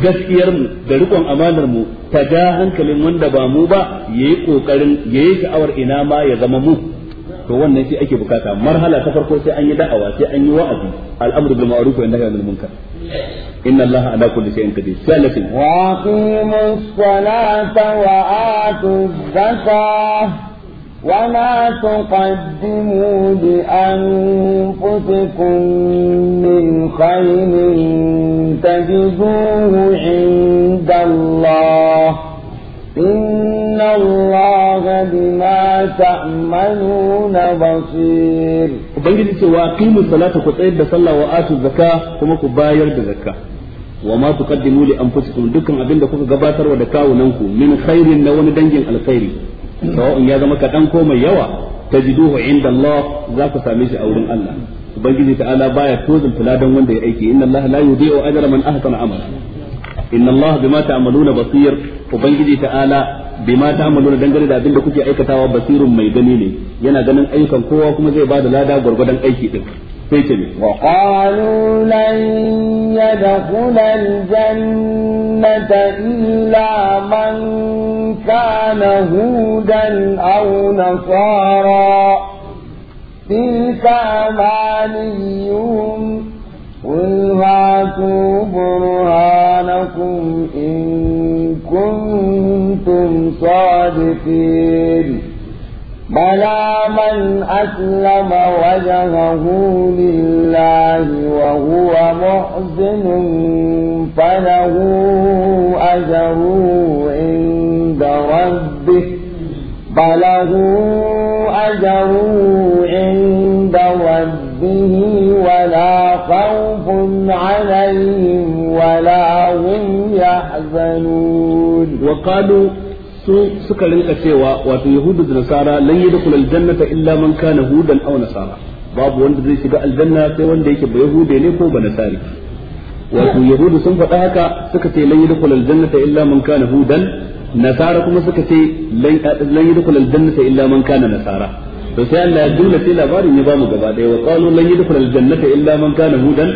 gaskiyar mu da rikon amanar mu ta ja hankalin wanda ba mu ba ya yayi kokarin yi sha'awar ina ma ya zama mu to wannan shi ake bukata marhala ta farko sai an yi da'awa sai an yi wa'azi al'amru bil ma'ruf wa nahyi anil munkar inna allaha ala kulli shay'in qadir salatin wa aqimus salata wa atuz zakata ولا تقدموا لأنفسكم من خير تجدوه عند الله إن الله بما تأمنون بصير وبنجد سوى قيموا الصلاة كتعيد بصلاة وآتوا الزكاة ثم كباير بزكاة وما تقدموا لأنفسكم دكم أبين دكوك قباتر ودكاو ننكو من خير لون دنجل الخير sawa'un ya zama kaɗan ko mai yawa ta ji duhu inda Allah za ku same shi a wurin Allah ubangiji ta'ala baya tozin fuladan wanda ya aiki inna Allah la yudhi'u ajra man ahsana amala inna Allah bima ta'maluna basir ubangiji ta'ala bima ta'maluna dangane da abin da kuke aikatawa basirun mai gani ne yana ganin ayyukan kowa kuma zai ba da lada gurgurdan aiki ɗin. وقالوا لن يدخل الجنة إلا من كان هودا أو نصارى تلك أمانيهم قل هاتوا برهانكم إن كنتم صادقين بلى من أسلم وجهه لله وهو محزن فله أجره عند ربه فله أجره عند ربه ولا خوف عليهم ولا هم يحزنون وقالوا su suka rinka cewa wato yahudu da nasara lan yadkhul aljannata illa man kana hudan aw nasara babu wanda zai shiga aljanna sai wanda yake ba yahude ne ko ba nasari wato yahudu sun faɗa haka suka ce lan yadkhul aljannata illa man kana hudan nasara kuma suka ce lan yadkhul aljannata illa man kana nasara to sai Allah ya jumla sai labarin ya bamu gaba daya wa qalu lan yadkhul aljannata illa man kana hudan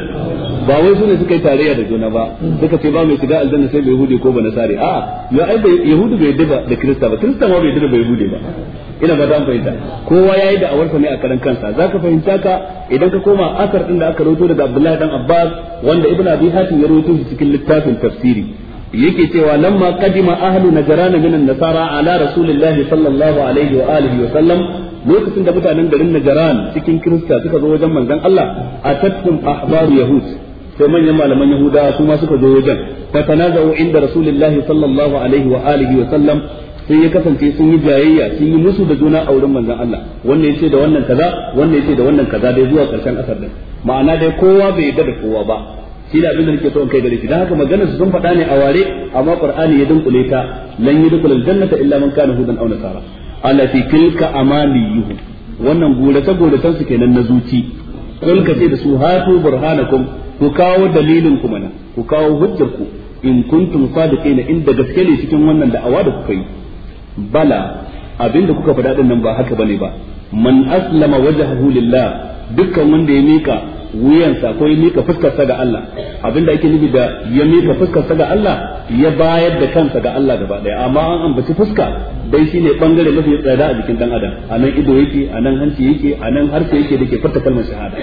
ba wai sune suka yi tarayya da juna ba suka ce ba mai shiga aljanna sai bai yahudi ko ba nasari a ya ai yahudi bai yadda da kirista ba kirista ma bai yadda bai yahudi ba ina ba dan fahimta kowa yayi da awarsa ne a karan kansa zaka fahimta ka idan ka koma asar din da aka rawaito daga Abdullahi dan Abbas wanda Ibn Abi Hatim ya rawaito shi cikin littafin tafsiri yake cewa lamma qadima ahlu najran min an-nasara ala rasulillahi sallallahu alaihi wa alihi wa sallam lokacin da mutanen garin najaran cikin Kirista suka zo wajen manzon Allah atatkum ahbaru yahud sai manyan malaman Yahudawa su ma suka zo wajen fatanazau inda Rasulullahi sallallahu alaihi wa alihi wa sallam sai ya kasance sun yi jayayya sun yi musu da juna a wurin manzon Allah wannan yace da wannan kaza wanne yace da wannan kaza dai zuwa karshen asar din ma'ana dai kowa bai yarda da kowa ba shi da abin da nake so in kai gare shi dan haka maganar su sun faɗa ne a ware amma Qur'ani ya dunkule ta lan yudkhulul jannata illa man kana hudan aw nasara ala fi tilka amaniyuhum wannan gurace guracen su kenan na zuci kun ka ce da su hatu burhanakum ku kawo dalilin ku mana ku kawo hujjar ku in kuntum sadiqina inda gaske ne cikin wannan da'awa da kuka yi bala abinda kuka faɗa din nan ba haka bane ba man aslama wajhahu lillah dukkan wanda ya mika wuyansa ko ya mika fuskarsa ga Allah abinda ake nufi da ya mika fuskarsa ga Allah ya bayar da kansa ga Allah gaba daya amma an ambaci fuska dai shine bangare mafi tsada a jikin dan adam anan ido yake anan hanci yake anan harshe yake dake furta kalmar shahada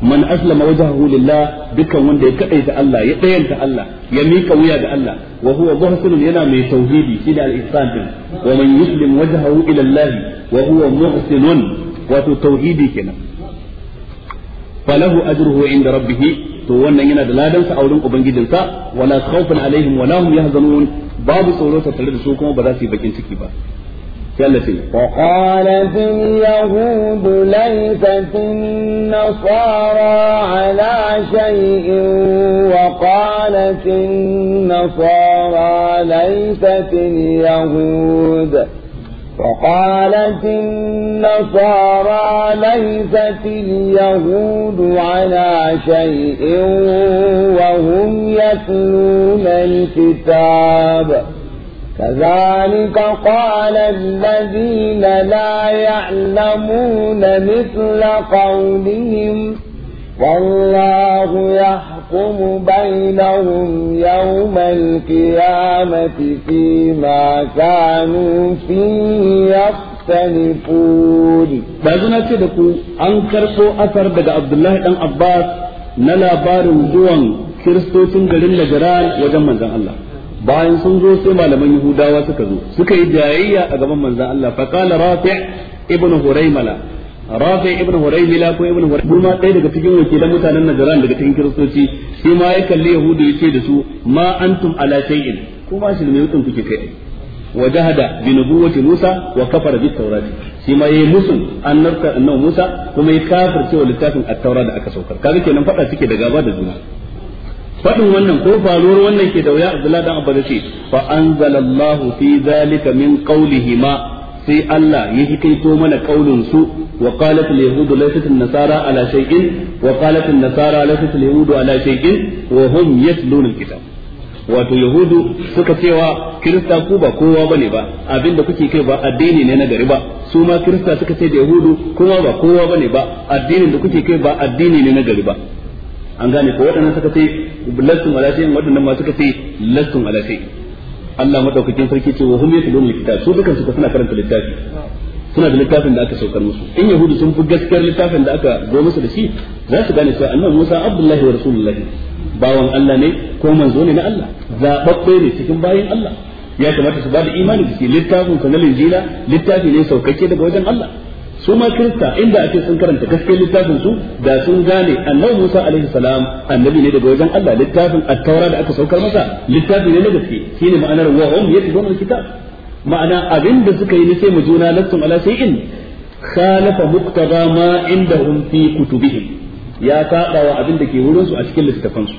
man aslama wajhahu lillah dukkan wanda ya kadaita Allah ya dayanta Allah ya mika wuya ga Allah wa huwa muhsinun yana mai tauhidi shine al-ihsan din wa man yuslim wajhahu ila Allah wa huwa muhsinun wato tauhidi kenan falahu da rabbi rabbih to wannan yana da ladan sa auren ubangijinsa wala khawfun alaihim wala hum yahzanun babu tsoro tattare da su kuma ba za su yi bakin ciki ba وقالت اليهود ليست النصارى على شيء وقالت النصارى ليست اليهود وقالت النصارى ليست اليهود على شيء وهم يتلون الكتاب كذلك قال الذين لا يعلمون مثل قولهم والله يحفظ يحكم بينهم يوم القيامة فيما كانوا فيه يختلفون بعضنا تدكو أنكرسو أثر بدا عبد الله بن عباس نلا بارم زوان كرستوتين غرين لجران وجمع الله bayan sun zo sai malaman Yahudawa suka zo suka yi jayayya a gaban manzon Allah fa qala Rafi' ibn Huraymala rafi ibn hurayhi ko ibn hurayhi kuma dai daga cikin wakilan mutanen najran daga cikin kristoci shi ma ya kalli yahudu yace da su ma antum ala shay'in kuma shi ne mutum kuke kai wajahada bi nubuwwati musa wa kafara bi tawrati shi ma yayi musun annabta annab musa kuma ya kafir cewa littafin at-taura da aka saukar kaga kenan fada suke da gaba da juna fadin wannan ko faruwar wannan ke da wuya abdullahi dan abbasi fa anzalallahu fi zalika min qawlihima ma sai Allah ya hikaito mana kaulin su wa qalat al yahudu laysat an nasara ala shay'in wa qalat an nasara laysat al yahudu ala shay'in wa hum yatluna al kitab wato yahudu suka cewa kirista ku ba kowa bane ba abinda kuke kai ba addini ne na gari ba su ma kirista suka ce da yahudu kuma ba kowa bane ba addinin da kuke kai ba addini ne na gari ba an gane ko waɗannan suka ce lastun ala shay'in waɗannan ma suka ce lastun ala shay'in Allah madaukakin sarki ce wa hum yatlun alkitab su dukan su suna karanta littafi suna da littafin da aka saukar musu in yahudu sun fi gaskiyar littafin da aka zo musu da shi za su gane cewa annabi Musa Abdullahi wa Rasulullahi bawan Allah ne ko manzo ne na Allah zababbe ne cikin bayin Allah ya kamata su ba da imani da littafin sa na linjila littafi ne saukakke daga wajen Allah su ma kirista inda ake sun karanta gaskiyar littafin su da sun gane annabi Musa alaihi salam annabi ne daga wajen Allah littafin at-taura da aka saukar masa littafi ne na gaske shine ma'anar wa hum yatluna kitab ma'ana abin da suka yi na sai mu juna lattum ala shay'in khalafa muqtada ma indahum fi kutubihim ya saba wa ke wurin su a cikin littafan su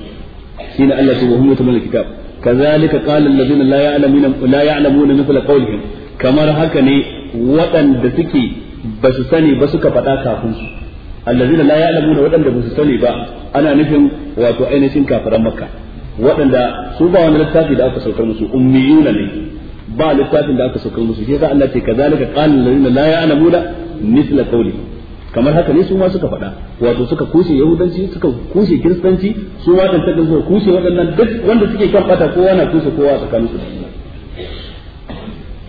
shine Allah ta wa hum yatluna kitab kazalika qala alladhina la ya'lamuna la ya'lamuna mithla qawlihim kamar haka ne waɗanda suke ba su sani ba suka faɗa kafin su allazina la ya'lamuna waɗanda ba su sani ba ana nufin wato ainihin kafiran makka waɗanda su ba wani littafi da aka saukar musu ummiyuna ne ba littafin da aka saukar musu shi yasa Allah ce kazalika qala allazina la ya'lamuna mithla qawli kamar haka ne su ma suka faɗa wato suka kushe yahudanci suka kushe kiristanci su ma dan takan suka kushe waɗannan duk wanda suke kan fata kowa na kushe kowa tsakaninsu da Allah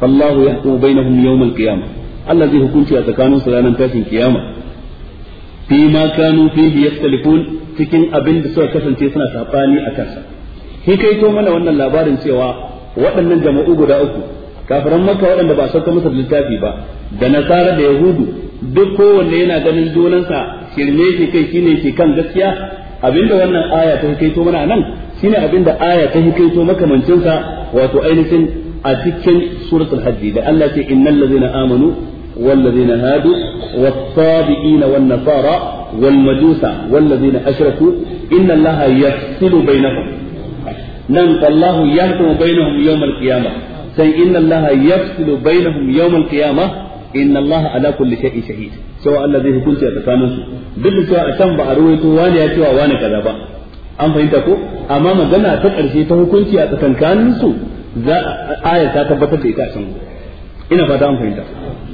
فالله يحكم بينهم يوم القيامه Allah zai hukunci a tsakaninsu su ranar tashin kiyama fi ma kanu fi cikin abin da suka kasance suna sabani a kansa shi kai to mana wannan labarin cewa waɗannan jama'u guda uku kafiran makka waɗanda ba sauka musu littafi ba da nasara da yahudu duk kowanne yana ganin junansa shirme shi kai shine shi kan gaskiya abinda wannan aya ta hikaito mana nan shine abinda aya ta hikaito makamancinsa wato ainihin a cikin suratul hajji da Allah ce innal ladzina amanu والذين هادوا والصابئين والنصارى والمجوس والذين أشركوا إن الله يفصل بينهم نعم الله يحكم بينهم يوم القيامة سي إن الله يفصل بينهم يوم القيامة إن الله على كل شيء شهيد سواء الذي يكون يتكامل duk cewa a can ba a ruwaito wani ya cewa wani kaza ba an fahimta ko amma magana ta ƙarshe ta hukunci a tsakankanin su za a aya ta tabbatar da ita a can ina fata an fahimta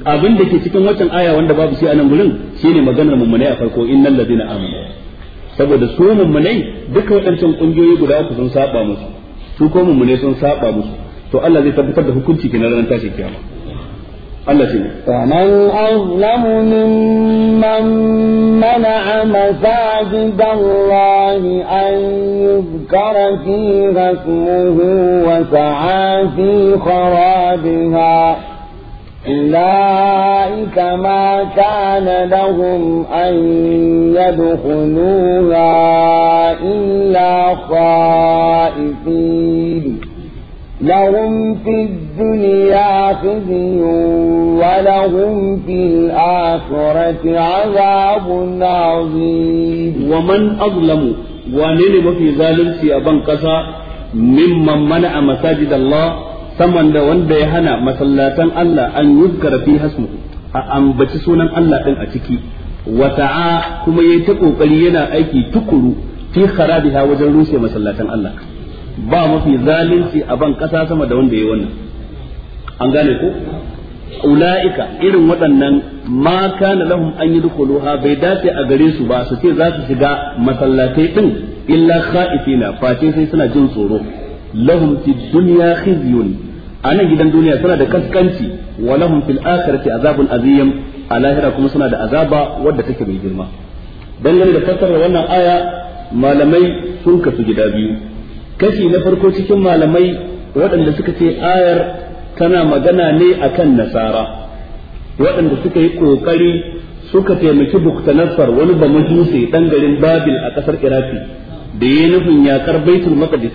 abin da ke cikin waccan aya wanda babu shi a nan gurin shine maganar mummunai a farko innal ladina amanu saboda su mummunai duka waɗancan kungiyoyi guda uku sun saba musu su ko mummunai sun saba musu to Allah zai tabbatar da hukunci kenan ranar tashin kiyama Allah shi ne faman azlamu mimman mana'a masajid Allah an yuzkara wa sa'a fi kharabiha أولئك ما كان لهم أن يدخلوها إلا خائفين لهم في الدنيا خزي ولهم في الآخرة عذاب عظيم ومن أظلم ومن في يا بن قصى ممن منع مساجد الله saman da wanda ya hana masallatan Allah an yuzkara fi hasmu a ambaci sunan Allah din a ciki wa kuma yayi ta kokari yana aiki tukuru fi kharabiha wajen rushe masallatan Allah ba mafi zalunci a ban kasa sama da wanda yayi wannan an gane ko ulaika irin waɗannan ma kana lahum an yadkhuluha bai dace a gare su ba su ce za su shiga masallatai din illa khaifina face sai suna jin tsoro lahum fi dunya khizyun a gidan duniya suna da kaskanci wa lahum fil akhirati azabun azim a lahira kuma suna da azaba wadda take mai girma dangane da fassarar wannan aya malamai sun kasu gida biyu kashi na farko cikin malamai waɗanda suka ce ayar tana magana ne akan nasara waɗanda suka yi ƙoƙari suka taimaki buktanassar wani ba majuse ɗan garin babil a ƙasar iraki da ya nufin yaƙar baitul maqdis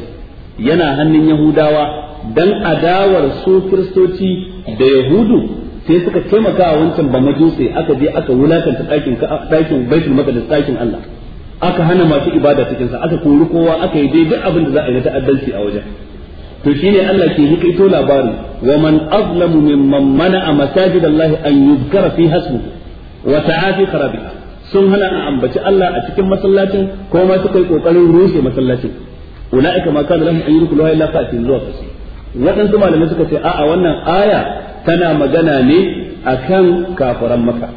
yana hannun yahudawa dan adawar su kiristoci da yahudu sai suka taimaka a wancan ba majusi aka je aka wulakanta ɗakin ɗakin baitul maqdis ɗakin Allah aka hana masu ibada cikin sa aka kori kowa aka yi dai duk abin da za a yi na ta'addanci a wajen to shine Allah ke yi kaito labarin wa man azlamu mimman mana'a masajidallahi an yuzkara fi hasmuhu wa ta'afi kharabiha sun hana a ambaci Allah a cikin masallacin ko ma suka yi kokarin rushe masallacin ulaika ma kana lahum an yurku la ilaha illa zuwa kasi waɗansu malamai suka ce a'a wannan aya tana magana ne akan kafiran maka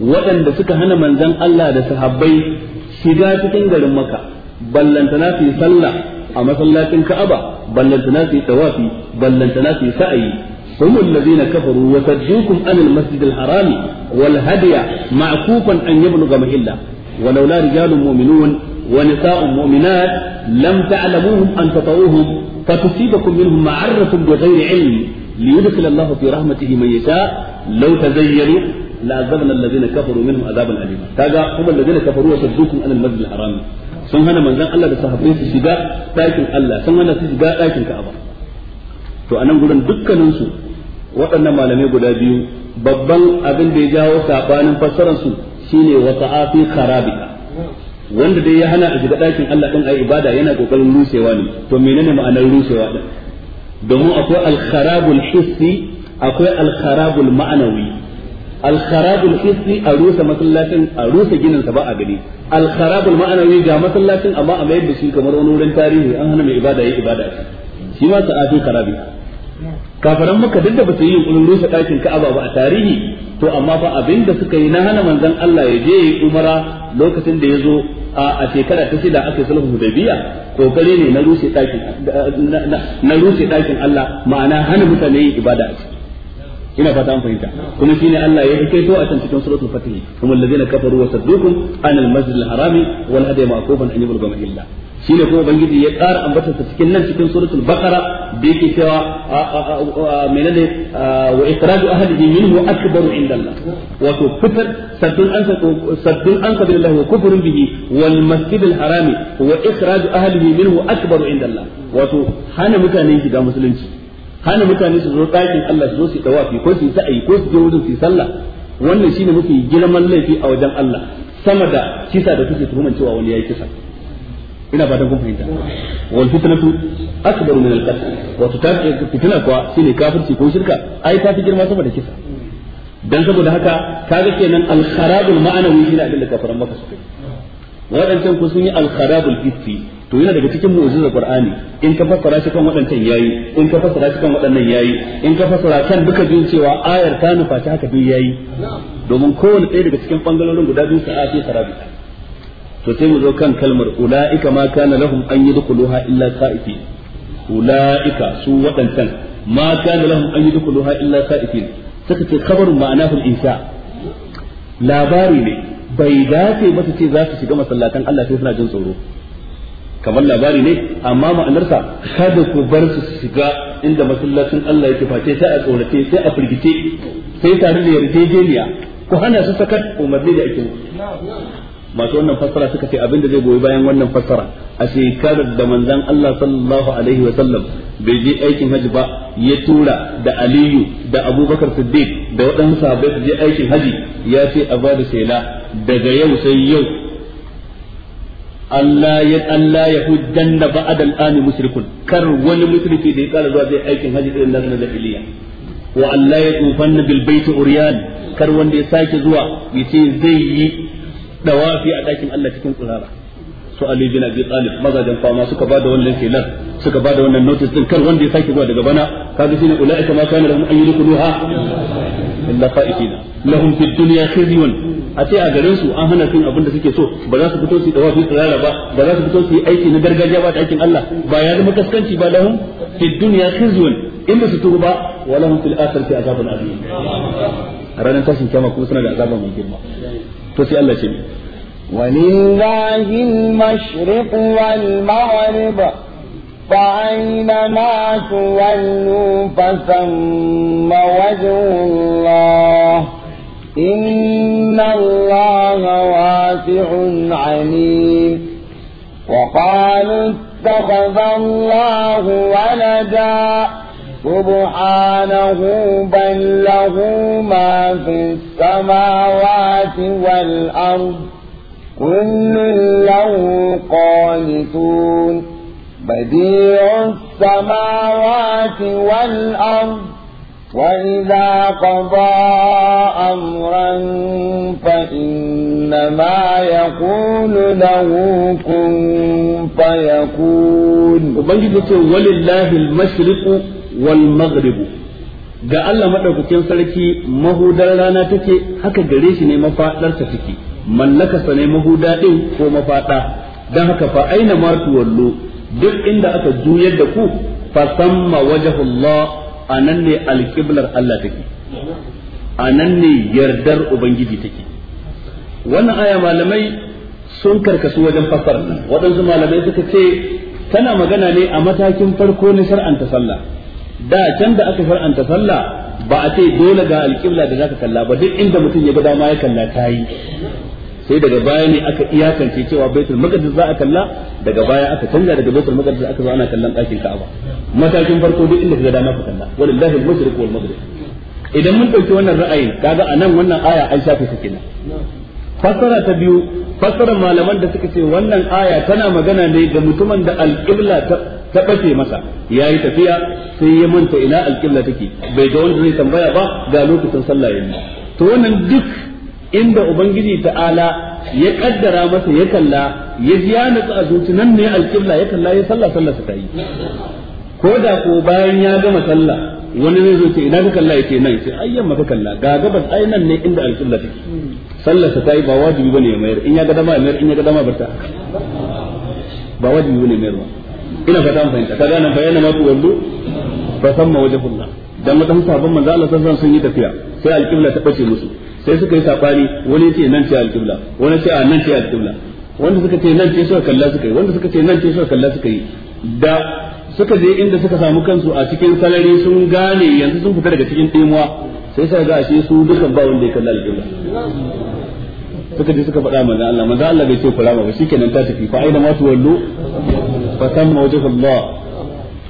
waɗanda suka hana manzon Allah da sahabbai shiga cikin garin maka ballantana su yi sallah a masallacin ka'aba ballantana su yi tawafi ballantana su yi sa'ayi هم الذين كفروا وصدوكم عن المسجد الحرام والهدي معكوفا أن يبلغ مهلا ولولا رجال مؤمنون ونساء مؤمنات لم تعلموهم أن تطعوهم فتصيبكم منهم معرة بغير علم ليدخل الله في رحمته من يشاء لو تزينوا لعذبنا الذين كفروا منهم عذابا أليما كذا هم الذين كفروا وصدوكم عن المسجد الحرام sun hana manzon Allah da sahabbai su shiga ɗakin Allah sun hana su shiga ɗakin Ka'aba to anan gurin dukkanin su waɗannan malamai guda biyu babban abin da ya jawo sabanin fassarar su shine wata afi kharabika wanda dai ya hana a shiga ɗakin Allah ɗin a ibada yana ƙoƙarin rusewa ne to menene ma'anar rusewa ɗin domin akwai alkharabul hissi akwai alkharabul ma'anawi alkharabul hissi a rusa masallacin a rusa ginin sa ba a gani alkharabul ma'anawi ga masallacin amma a mayar da shi kamar wani wurin tarihi an hana mai ibada ya ibada shi ma sa'atu karabi kafaran maka duk da ba su yi yunkurin rusa ɗakin ka'aba ba a tarihi to amma fa abinda suka yi na hana manzon Allah ya je yi umara lokacin da ya zo a shekara ta shida aka sulhu hudaybiya kokari ne na rushe dakin na rushe dakin Allah ma'ana hana mutane yin ibada a ciki ina fata an fahimta kuma shine Allah ya kai to a can cikin suratul fatih kuma allazina kafaru wa saddukum an al masjid al harami wal hadi ma'kufan an yublu bi illah shine kuma ubangiji ya ƙara ambata ta cikin nan cikin suratul baqara da yake cewa menene wa ikhraju ahlihi minhu akbaru inda Allah wato fitar saddun an saddun an sabilillah wa kufrun bihi wal masjid harami wa ikhraju ahlihi minhu akbaru inda Allah wato hana mutane shiga musulunci hana mutane su zo ɗakin Allah su zo su tawafi ko su yi ko su je wurin su yi sallah wannan shine mafi girman laifi a wajen Allah sama da kisa da kuke tuhuman cewa wani yayi kisa ina fatan kun fahimta wal fitnatu akbaru min al-qatl wato ta fitna kuwa shine kafirci ko shirka ai ta fi girma sama da kisa dan saboda haka kaga kenan al-kharabul ma'anawi shine abin da kafaran maka suka yi waɗancan ku sun yi al-kharabul hissi to yana daga cikin mu'jizar Qur'ani in ka fassara shi kan waɗancan yayi in ka fassara shi kan waɗannan yayi in ka fassara kan duka biyun cewa ayar ta nufa ta haka dai yayi domin kowanne ɗaya daga cikin bangarorin guda biyu sa'a sai sarabi to sai mu zo kan kalmar ula'ika ma kana lahum an yadkhuluha illa qa'ifi ula'ika su waɗancan ma kana lahum an yadkhuluha illa qa'ifin saka ce khabarun ma'anahu al-insha labari ne bai dace ba su ce za su shiga masallatan Allah sai suna jin tsoro kamar labari ne amma ma'anarsa kada ku bar su shiga inda masallacin Allah yake face sai a tsorace sai a firgice sai tare da yarjejeniya ku hana su sakat umarni da ake masu wannan fassara suka ce abinda zai goyi bayan wannan fassara a shekarar da manzan Allah sallallahu alaihi wa sallam bai je aikin haji ba ya tura da Aliyu da Abubakar Siddiq da waɗansu sahabbai su je aikin haji ya ce a ba da sela daga yau sai yau Allah ya Allah ya hujjan da ba'ad al-ani mushrikun kar wani mushriki da ya kara zuwa zai aikin haji irin nan na jahiliya wa Allah ya tufanna bil baiti uryan kar wanda ya sake zuwa yace zai yi dawafi a dakin Allah cikin kurara su Ali bin Abi Talib mazajen fama suka bada wannan shelar suka da wannan notice din kar wanda ya sake zuwa daga bana kaga shine ulaika ma kana lahum an yudkuluha illa qa'idina lahum fid dunya khizyun a ce a garin su an hana cin abin da suke so ba za su fito su dawa su tsirara ba ba za su fito su yi aiki na gargajiya ba da aikin Allah ba ya zama kaskanci ba lahum fi dunya khizyun in ba su tuba ba wa lahum fil akhirati azabun azim ranar tashin kyama kuma suna da azaba mai girma to sai Allah ce ولله المشرق والمغرب فأينما تولوا فثم وجه الله إن الله واسع عليم وقالوا اتخذ الله ولدا سبحانه بل له ما في السماوات والأرض كل له قانتون بديع السماوات والأرض وإذا قضى أمرا فإنما يقول له كن فيكون وبنجد ولله المشرق والمغرب ga Allah madaukakin sarki mahudar rana take haka gare shi ne mafadarta take mallakasa ne mahuda din ko mafada dan haka fa aina martu wallo duk inda aka juyar da ku fa samma wajhullah anan ne alqiblar Allah take anan ne yardar ubangiji take wannan aya malamai sun karkasu wajen fassara nan waɗansu malamai suka ce tana magana ne a matakin farko ne shar'anta sallah da can da aka shar'anta sallah ba a ce dole ga alƙibla da zaka kalla ba duk inda mutum ya ga dama ya kalla ta yi sai daga baya ne aka iyakance cewa baitul maqdis za a kalla daga baya aka canza daga baitul maqdis aka zo ana kallon ɗakin ka'aba matakin farko duk inda kaga dama ka kalla walillahi al-mashriq wal maghrib idan mun dauki wannan ra'ayin kaga anan wannan aya an shafe su kenan fassara ta biyu fassara malaman da suka ce wannan aya tana magana ne ga mutumin da alƙibla ta ɓace masa ya yi tafiya sai ya manta ina alƙibla take bai ga wanda zai tambaya ba ga lokacin sallah yanzu to wannan duk inda ubangiji ta'ala ya kaddara masa ya kalla ya ji ya nutsu a zuci nan ne alƙibla ya kalla ya sallah sallah ta yi ko da ko bayan ya gama sallah wani zai zo ce ina ka kalla yake nan sai ayyan maka kalla ga gaban ai nan ne inda alƙibla take sallah ta yi ba wajibi bane ya mayar in ya ga dama ya mayar in ya ga dama barta ba wajibi bane mayar ba ina fata mun fahimta kaga nan bayanan ma ku wallo fa samma wajhullah dan wata sabon manzo Allah sallallahu alaihi wasallam sun yi tafiya sai alƙibla ta bace musu sai suka yi sabani wani ce nan ce alqibla wani ce a nan ce alqibla wanda suka ce nan ce suka kalla suka yi wanda suka ce nan ce suka kalla suka yi da suka je inda suka samu kansu a cikin salari sun gane yanzu sun fita daga cikin dimuwa sai sai ga shi su dukan ba wanda ya kalla alqibla suka je suka faɗa manzo Allah manzo Allah bai ce kula ba shikenan ta tafi fa aina ma wallo fa tamma wajhu Allah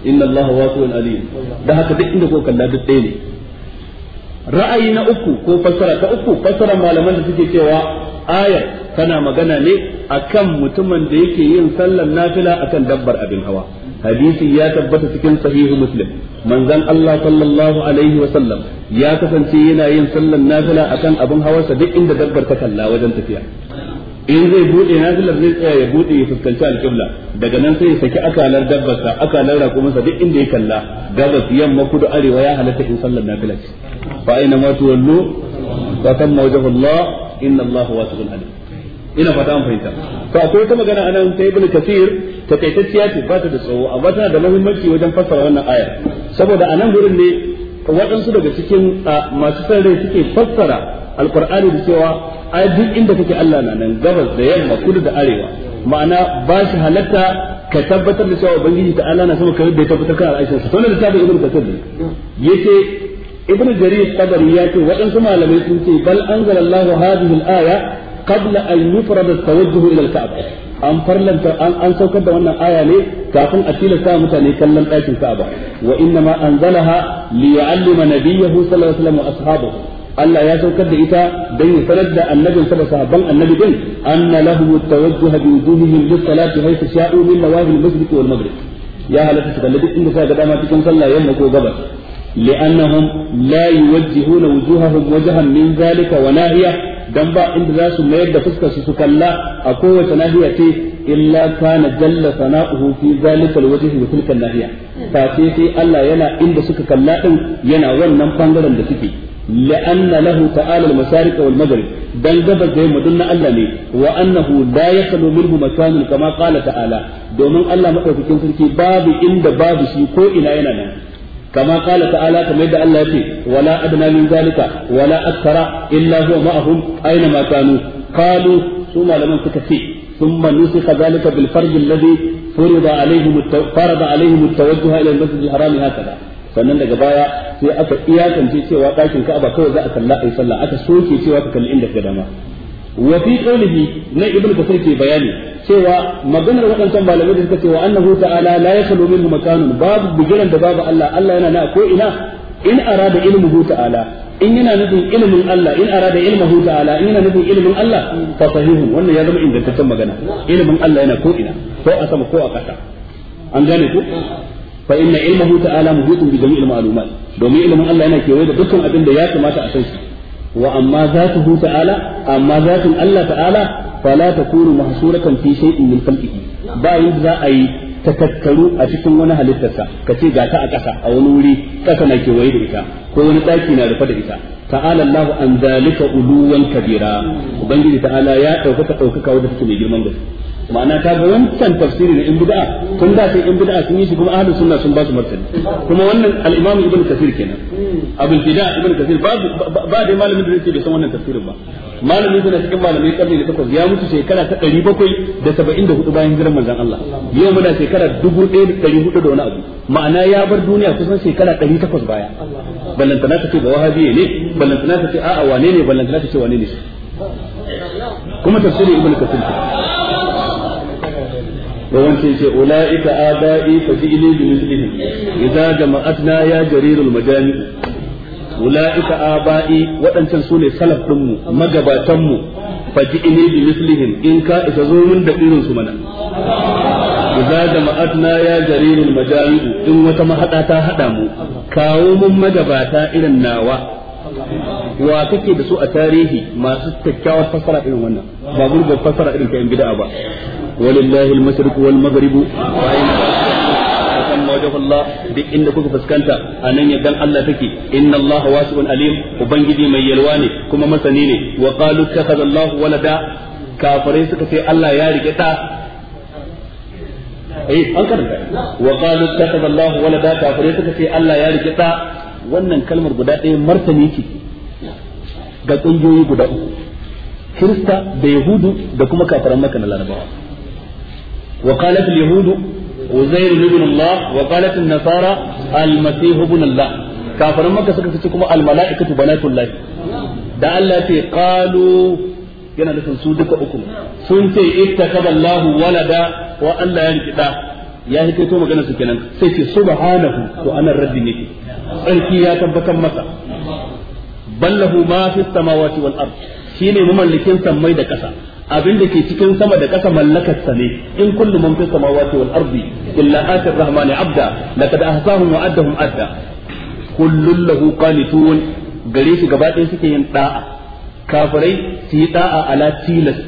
inna Allah wasi'un alim da haka duk inda ko kalla duk ɗaya ne ra'ayi na uku ko fassara ta uku fassarar malaman da suke cewa ayar tana magana ne akan mutumin da yake yin sallar nafila akan dabbar abin hawa hadisi ya tabbata cikin sahihu muslim manzon Allah sallallahu alaihi wa sallam ya kasance yana yin sallar nafila akan abin hawarsa duk inda dabbar ta kalla wajen tafiya in zai bude nazilar zai tsaya ya bude ya fuskanci alƙibla daga nan sai ya saki akalar dabbarsa akalar rakumansa duk inda ya kalla gabas yamma kudu arewa ya halatta in sallar nafila ce fa aina ma tuwallu fa kan wajhu Allah inna Allah wasi'un alim ina fata an fahimta to akwai ta magana anan ta ibn ta takaitacciya ce ba ta da tsawo amma tana da muhimmanci wajen fassara wannan aya saboda anan wurin ne waɗansu daga cikin masu san rai suke fassara alkur'ani da cewa ai duk inda kake Allah na nan gabas da yamma kudu da arewa ma'ana ba shi halatta ka tabbatar da cewa ubangiji ta Allah na sama kamar da ya tabbatar kan al'aishin sa sanin da ta da ibnu kasir yace ibnu jarir tabari ya ce waɗansu malamai sun ce bal anzalallahu hadhihi al-aya qabla an yufrada at-tawajjuh ila al-ka'bah an farlanta an an saukar da wannan aya ne kafin a tilasta mutane kallon ɗakin Ka'aba wa inna ma anzalaha li ya'allima nabiyahu sallallahu alaihi wasallam wa ashabahu Allah ya saukar da ita da ya sanar da annabin sa da sahabban annabi din anna lahum tawajjuh bi wujuhihim lis salati haythu sha'u min nawahi masjid wal maghrib ya halatta su kalli duk inda suka ga dama cikin sallah yamma ko gabas li'annahum la yuwajjihuna wujuhahum wajhan min zalika wa nahiya dan ba inda za su mayar da fuskar su su kalla a kowace nahiya ce illa kana jalla sana'uhu fi zalika alwajh wa tilka nahiya fa sai Allah yana inda suka kalla din yana wannan bangaren da suke لأن له تعالى المشارق والمغرب دان غبا زي مدن الله ne wa annahu la yakhlu minhu makan kama qala domin Allah madaukakin sarki babu inda babu shi ko yana nan kama qala ta'ala kamar yadda ya ce wala adna zalika wala akthara illa huwa aina ma kanu malaman suka ثم نسخ ذلك بالفرج الذي فرض عليهم فرض عليهم التوجه الى المسجد الحرام هكذا sannan daga baya sai aka iyakance cewa ɗakin ka'aba kawai za a kalla a sallah aka soke cewa ka kalli inda ka dama wa fi qawlihi na ibnu kasir ke bayani cewa maganar waɗancan malamai da suka ce wa annahu ta'ala la yakhlu minhu makanun babu bigiran da babu Allah Allah yana na ko ina in arada ilmuhu ta'ala in yana nufin ilimin Allah in arada ilmuhu ta'ala in yana nufin ilmin Allah fa sahihun wannan ya zama ingantaccen magana ilimin Allah yana ko ina ko a sama ko a ƙasa an gane ku fa inna ilmuhu ta'ala muhitun bi jami'il ma'lumat domin ilmin Allah yana kewaye da dukkan abin da ya kamata a san shi wa amma zatuhu ta'ala amma zatun Allah ta'ala fala takunu mahsuratan fi shay'in min khalqihi ba yanda za a yi takattaru a cikin wani halittarsa ka ce ga ta a ƙasa a wani wuri ƙasa na kewaye da ita ko wani ɗaki na rufe da ita ta'ala Allahu an zalika uluwan kabira ubangiji ta'ala ya ɗaukaka ɗaukaka wanda take mai girman gaske ma'ana ta ga wancan tafsiri na in bid'a tun da sai in bid'a sun yi shi kuma ahlus sunna sun ba su martani kuma wannan al-imam ibn kathir kenan abul fida ibn kathir ba ba da malamin da yake da san wannan tafsirin ba malamin da cikin malamai karni da takwas ya mutu shekara ta 774 bayan hijirar manzon Allah yau muna shekara 1400 da wani abu ma'ana ya bar duniya kusan shekara 800 baya ballantana ta ce ba wahabiye ne ballantana ta ce a'a wane ne ballantana ta ce wane ne kuma tafsirin ibn kathir da wancan ce ula'ika aba'i fa fi'ili bi mislihim idza jama'atna ya jarirul majani ula'ika aba'i waɗancan sune salaf din mu magabatan mu fa fi'ili bi mislihim in ka isa zo mun da irin su mana idza jama'atna ya jarirul majani in wata mahada ta hada mu kawo mun magabata irin nawa wa kake da su a tarihi masu kyakkyawar fasara irin wannan ba gurgur fasara irin ta yan bid'a ba walillahi al-mashriq wal maghrib wa kan wajh Allah duk inda kuka fuskanta anan ya dan Allah take inna Allah wasi'un alim ubangiji mai yalwa ne kuma masani ne wa qalu takhadha Allah walada kafirai suka Allah ya rike ta eh an wa Allah ya ta wannan kalmar guda ɗaya martani ce ga ƙungiyoyi guda uku Kirista da Yahudu da kuma kafiran maka na Larabawa وقالت اليهود عزير ابن الله وقالت النصارى المسيح ابن الله كافر مكة سكت الملائكة بنات الله da Allah ce qalu yana nufin su duka uku sun ce ittakaba Allah walada wa Allah ya riki da ya yi to magana su kenan sai ce subhanahu to anan raddi ne sarki ya tabbatar masa ballahu ma samawati wal ard shine mamallakin sammai da ƙasa. abin da ke cikin sama da ƙasa mallakar sa ne in kullu man fis samawati wal ardi illa atir rahmani abda laqad ahsahum wa addahum adda kullun lahu qanitun gare shi gaba ɗaya suke yin da'a kafirai su yi da'a ala tilas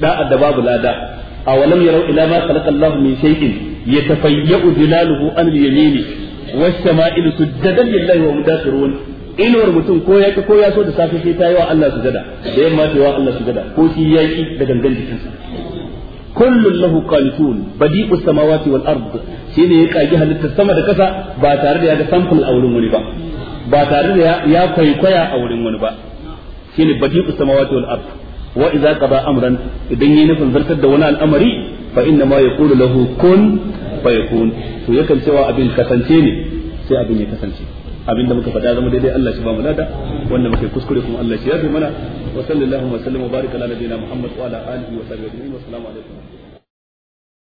da'a da babu lada awalam yarau ila ma khalaqa Allah min shay'in yatafayyu zilaluhu an yamini والشمائل سجدا لله وهم داخرون inuwar mutum ko ya ko ya so da safe sai ta yi wa Allah sujada da yamma ta yi wa Allah sujada ko shi ya ki da gangan jikinsa kullun lahu qanitun badi'us samawati wal ard shine ya kagi halitta sama da kasa ba tare da ya ga sample a wurin wani ba ba tare da ya kwaikwaya a wurin wani ba shine badi'us samawati wal ard wa idza qada amran idan yayi nufin zartar da wani al'amari fa inna ma yaqulu lahu kun fayakun to yakan cewa abin kasance ne sai abin ya kasance da muka faɗa zama daidai Allah shi ba mu lada wanda muke kuskure kuma Allah shi yafe mana wa sallallahu wa sallama baraka ala nabiyina muhammad wa ala alihi wa sahbihi wa sallam alaikum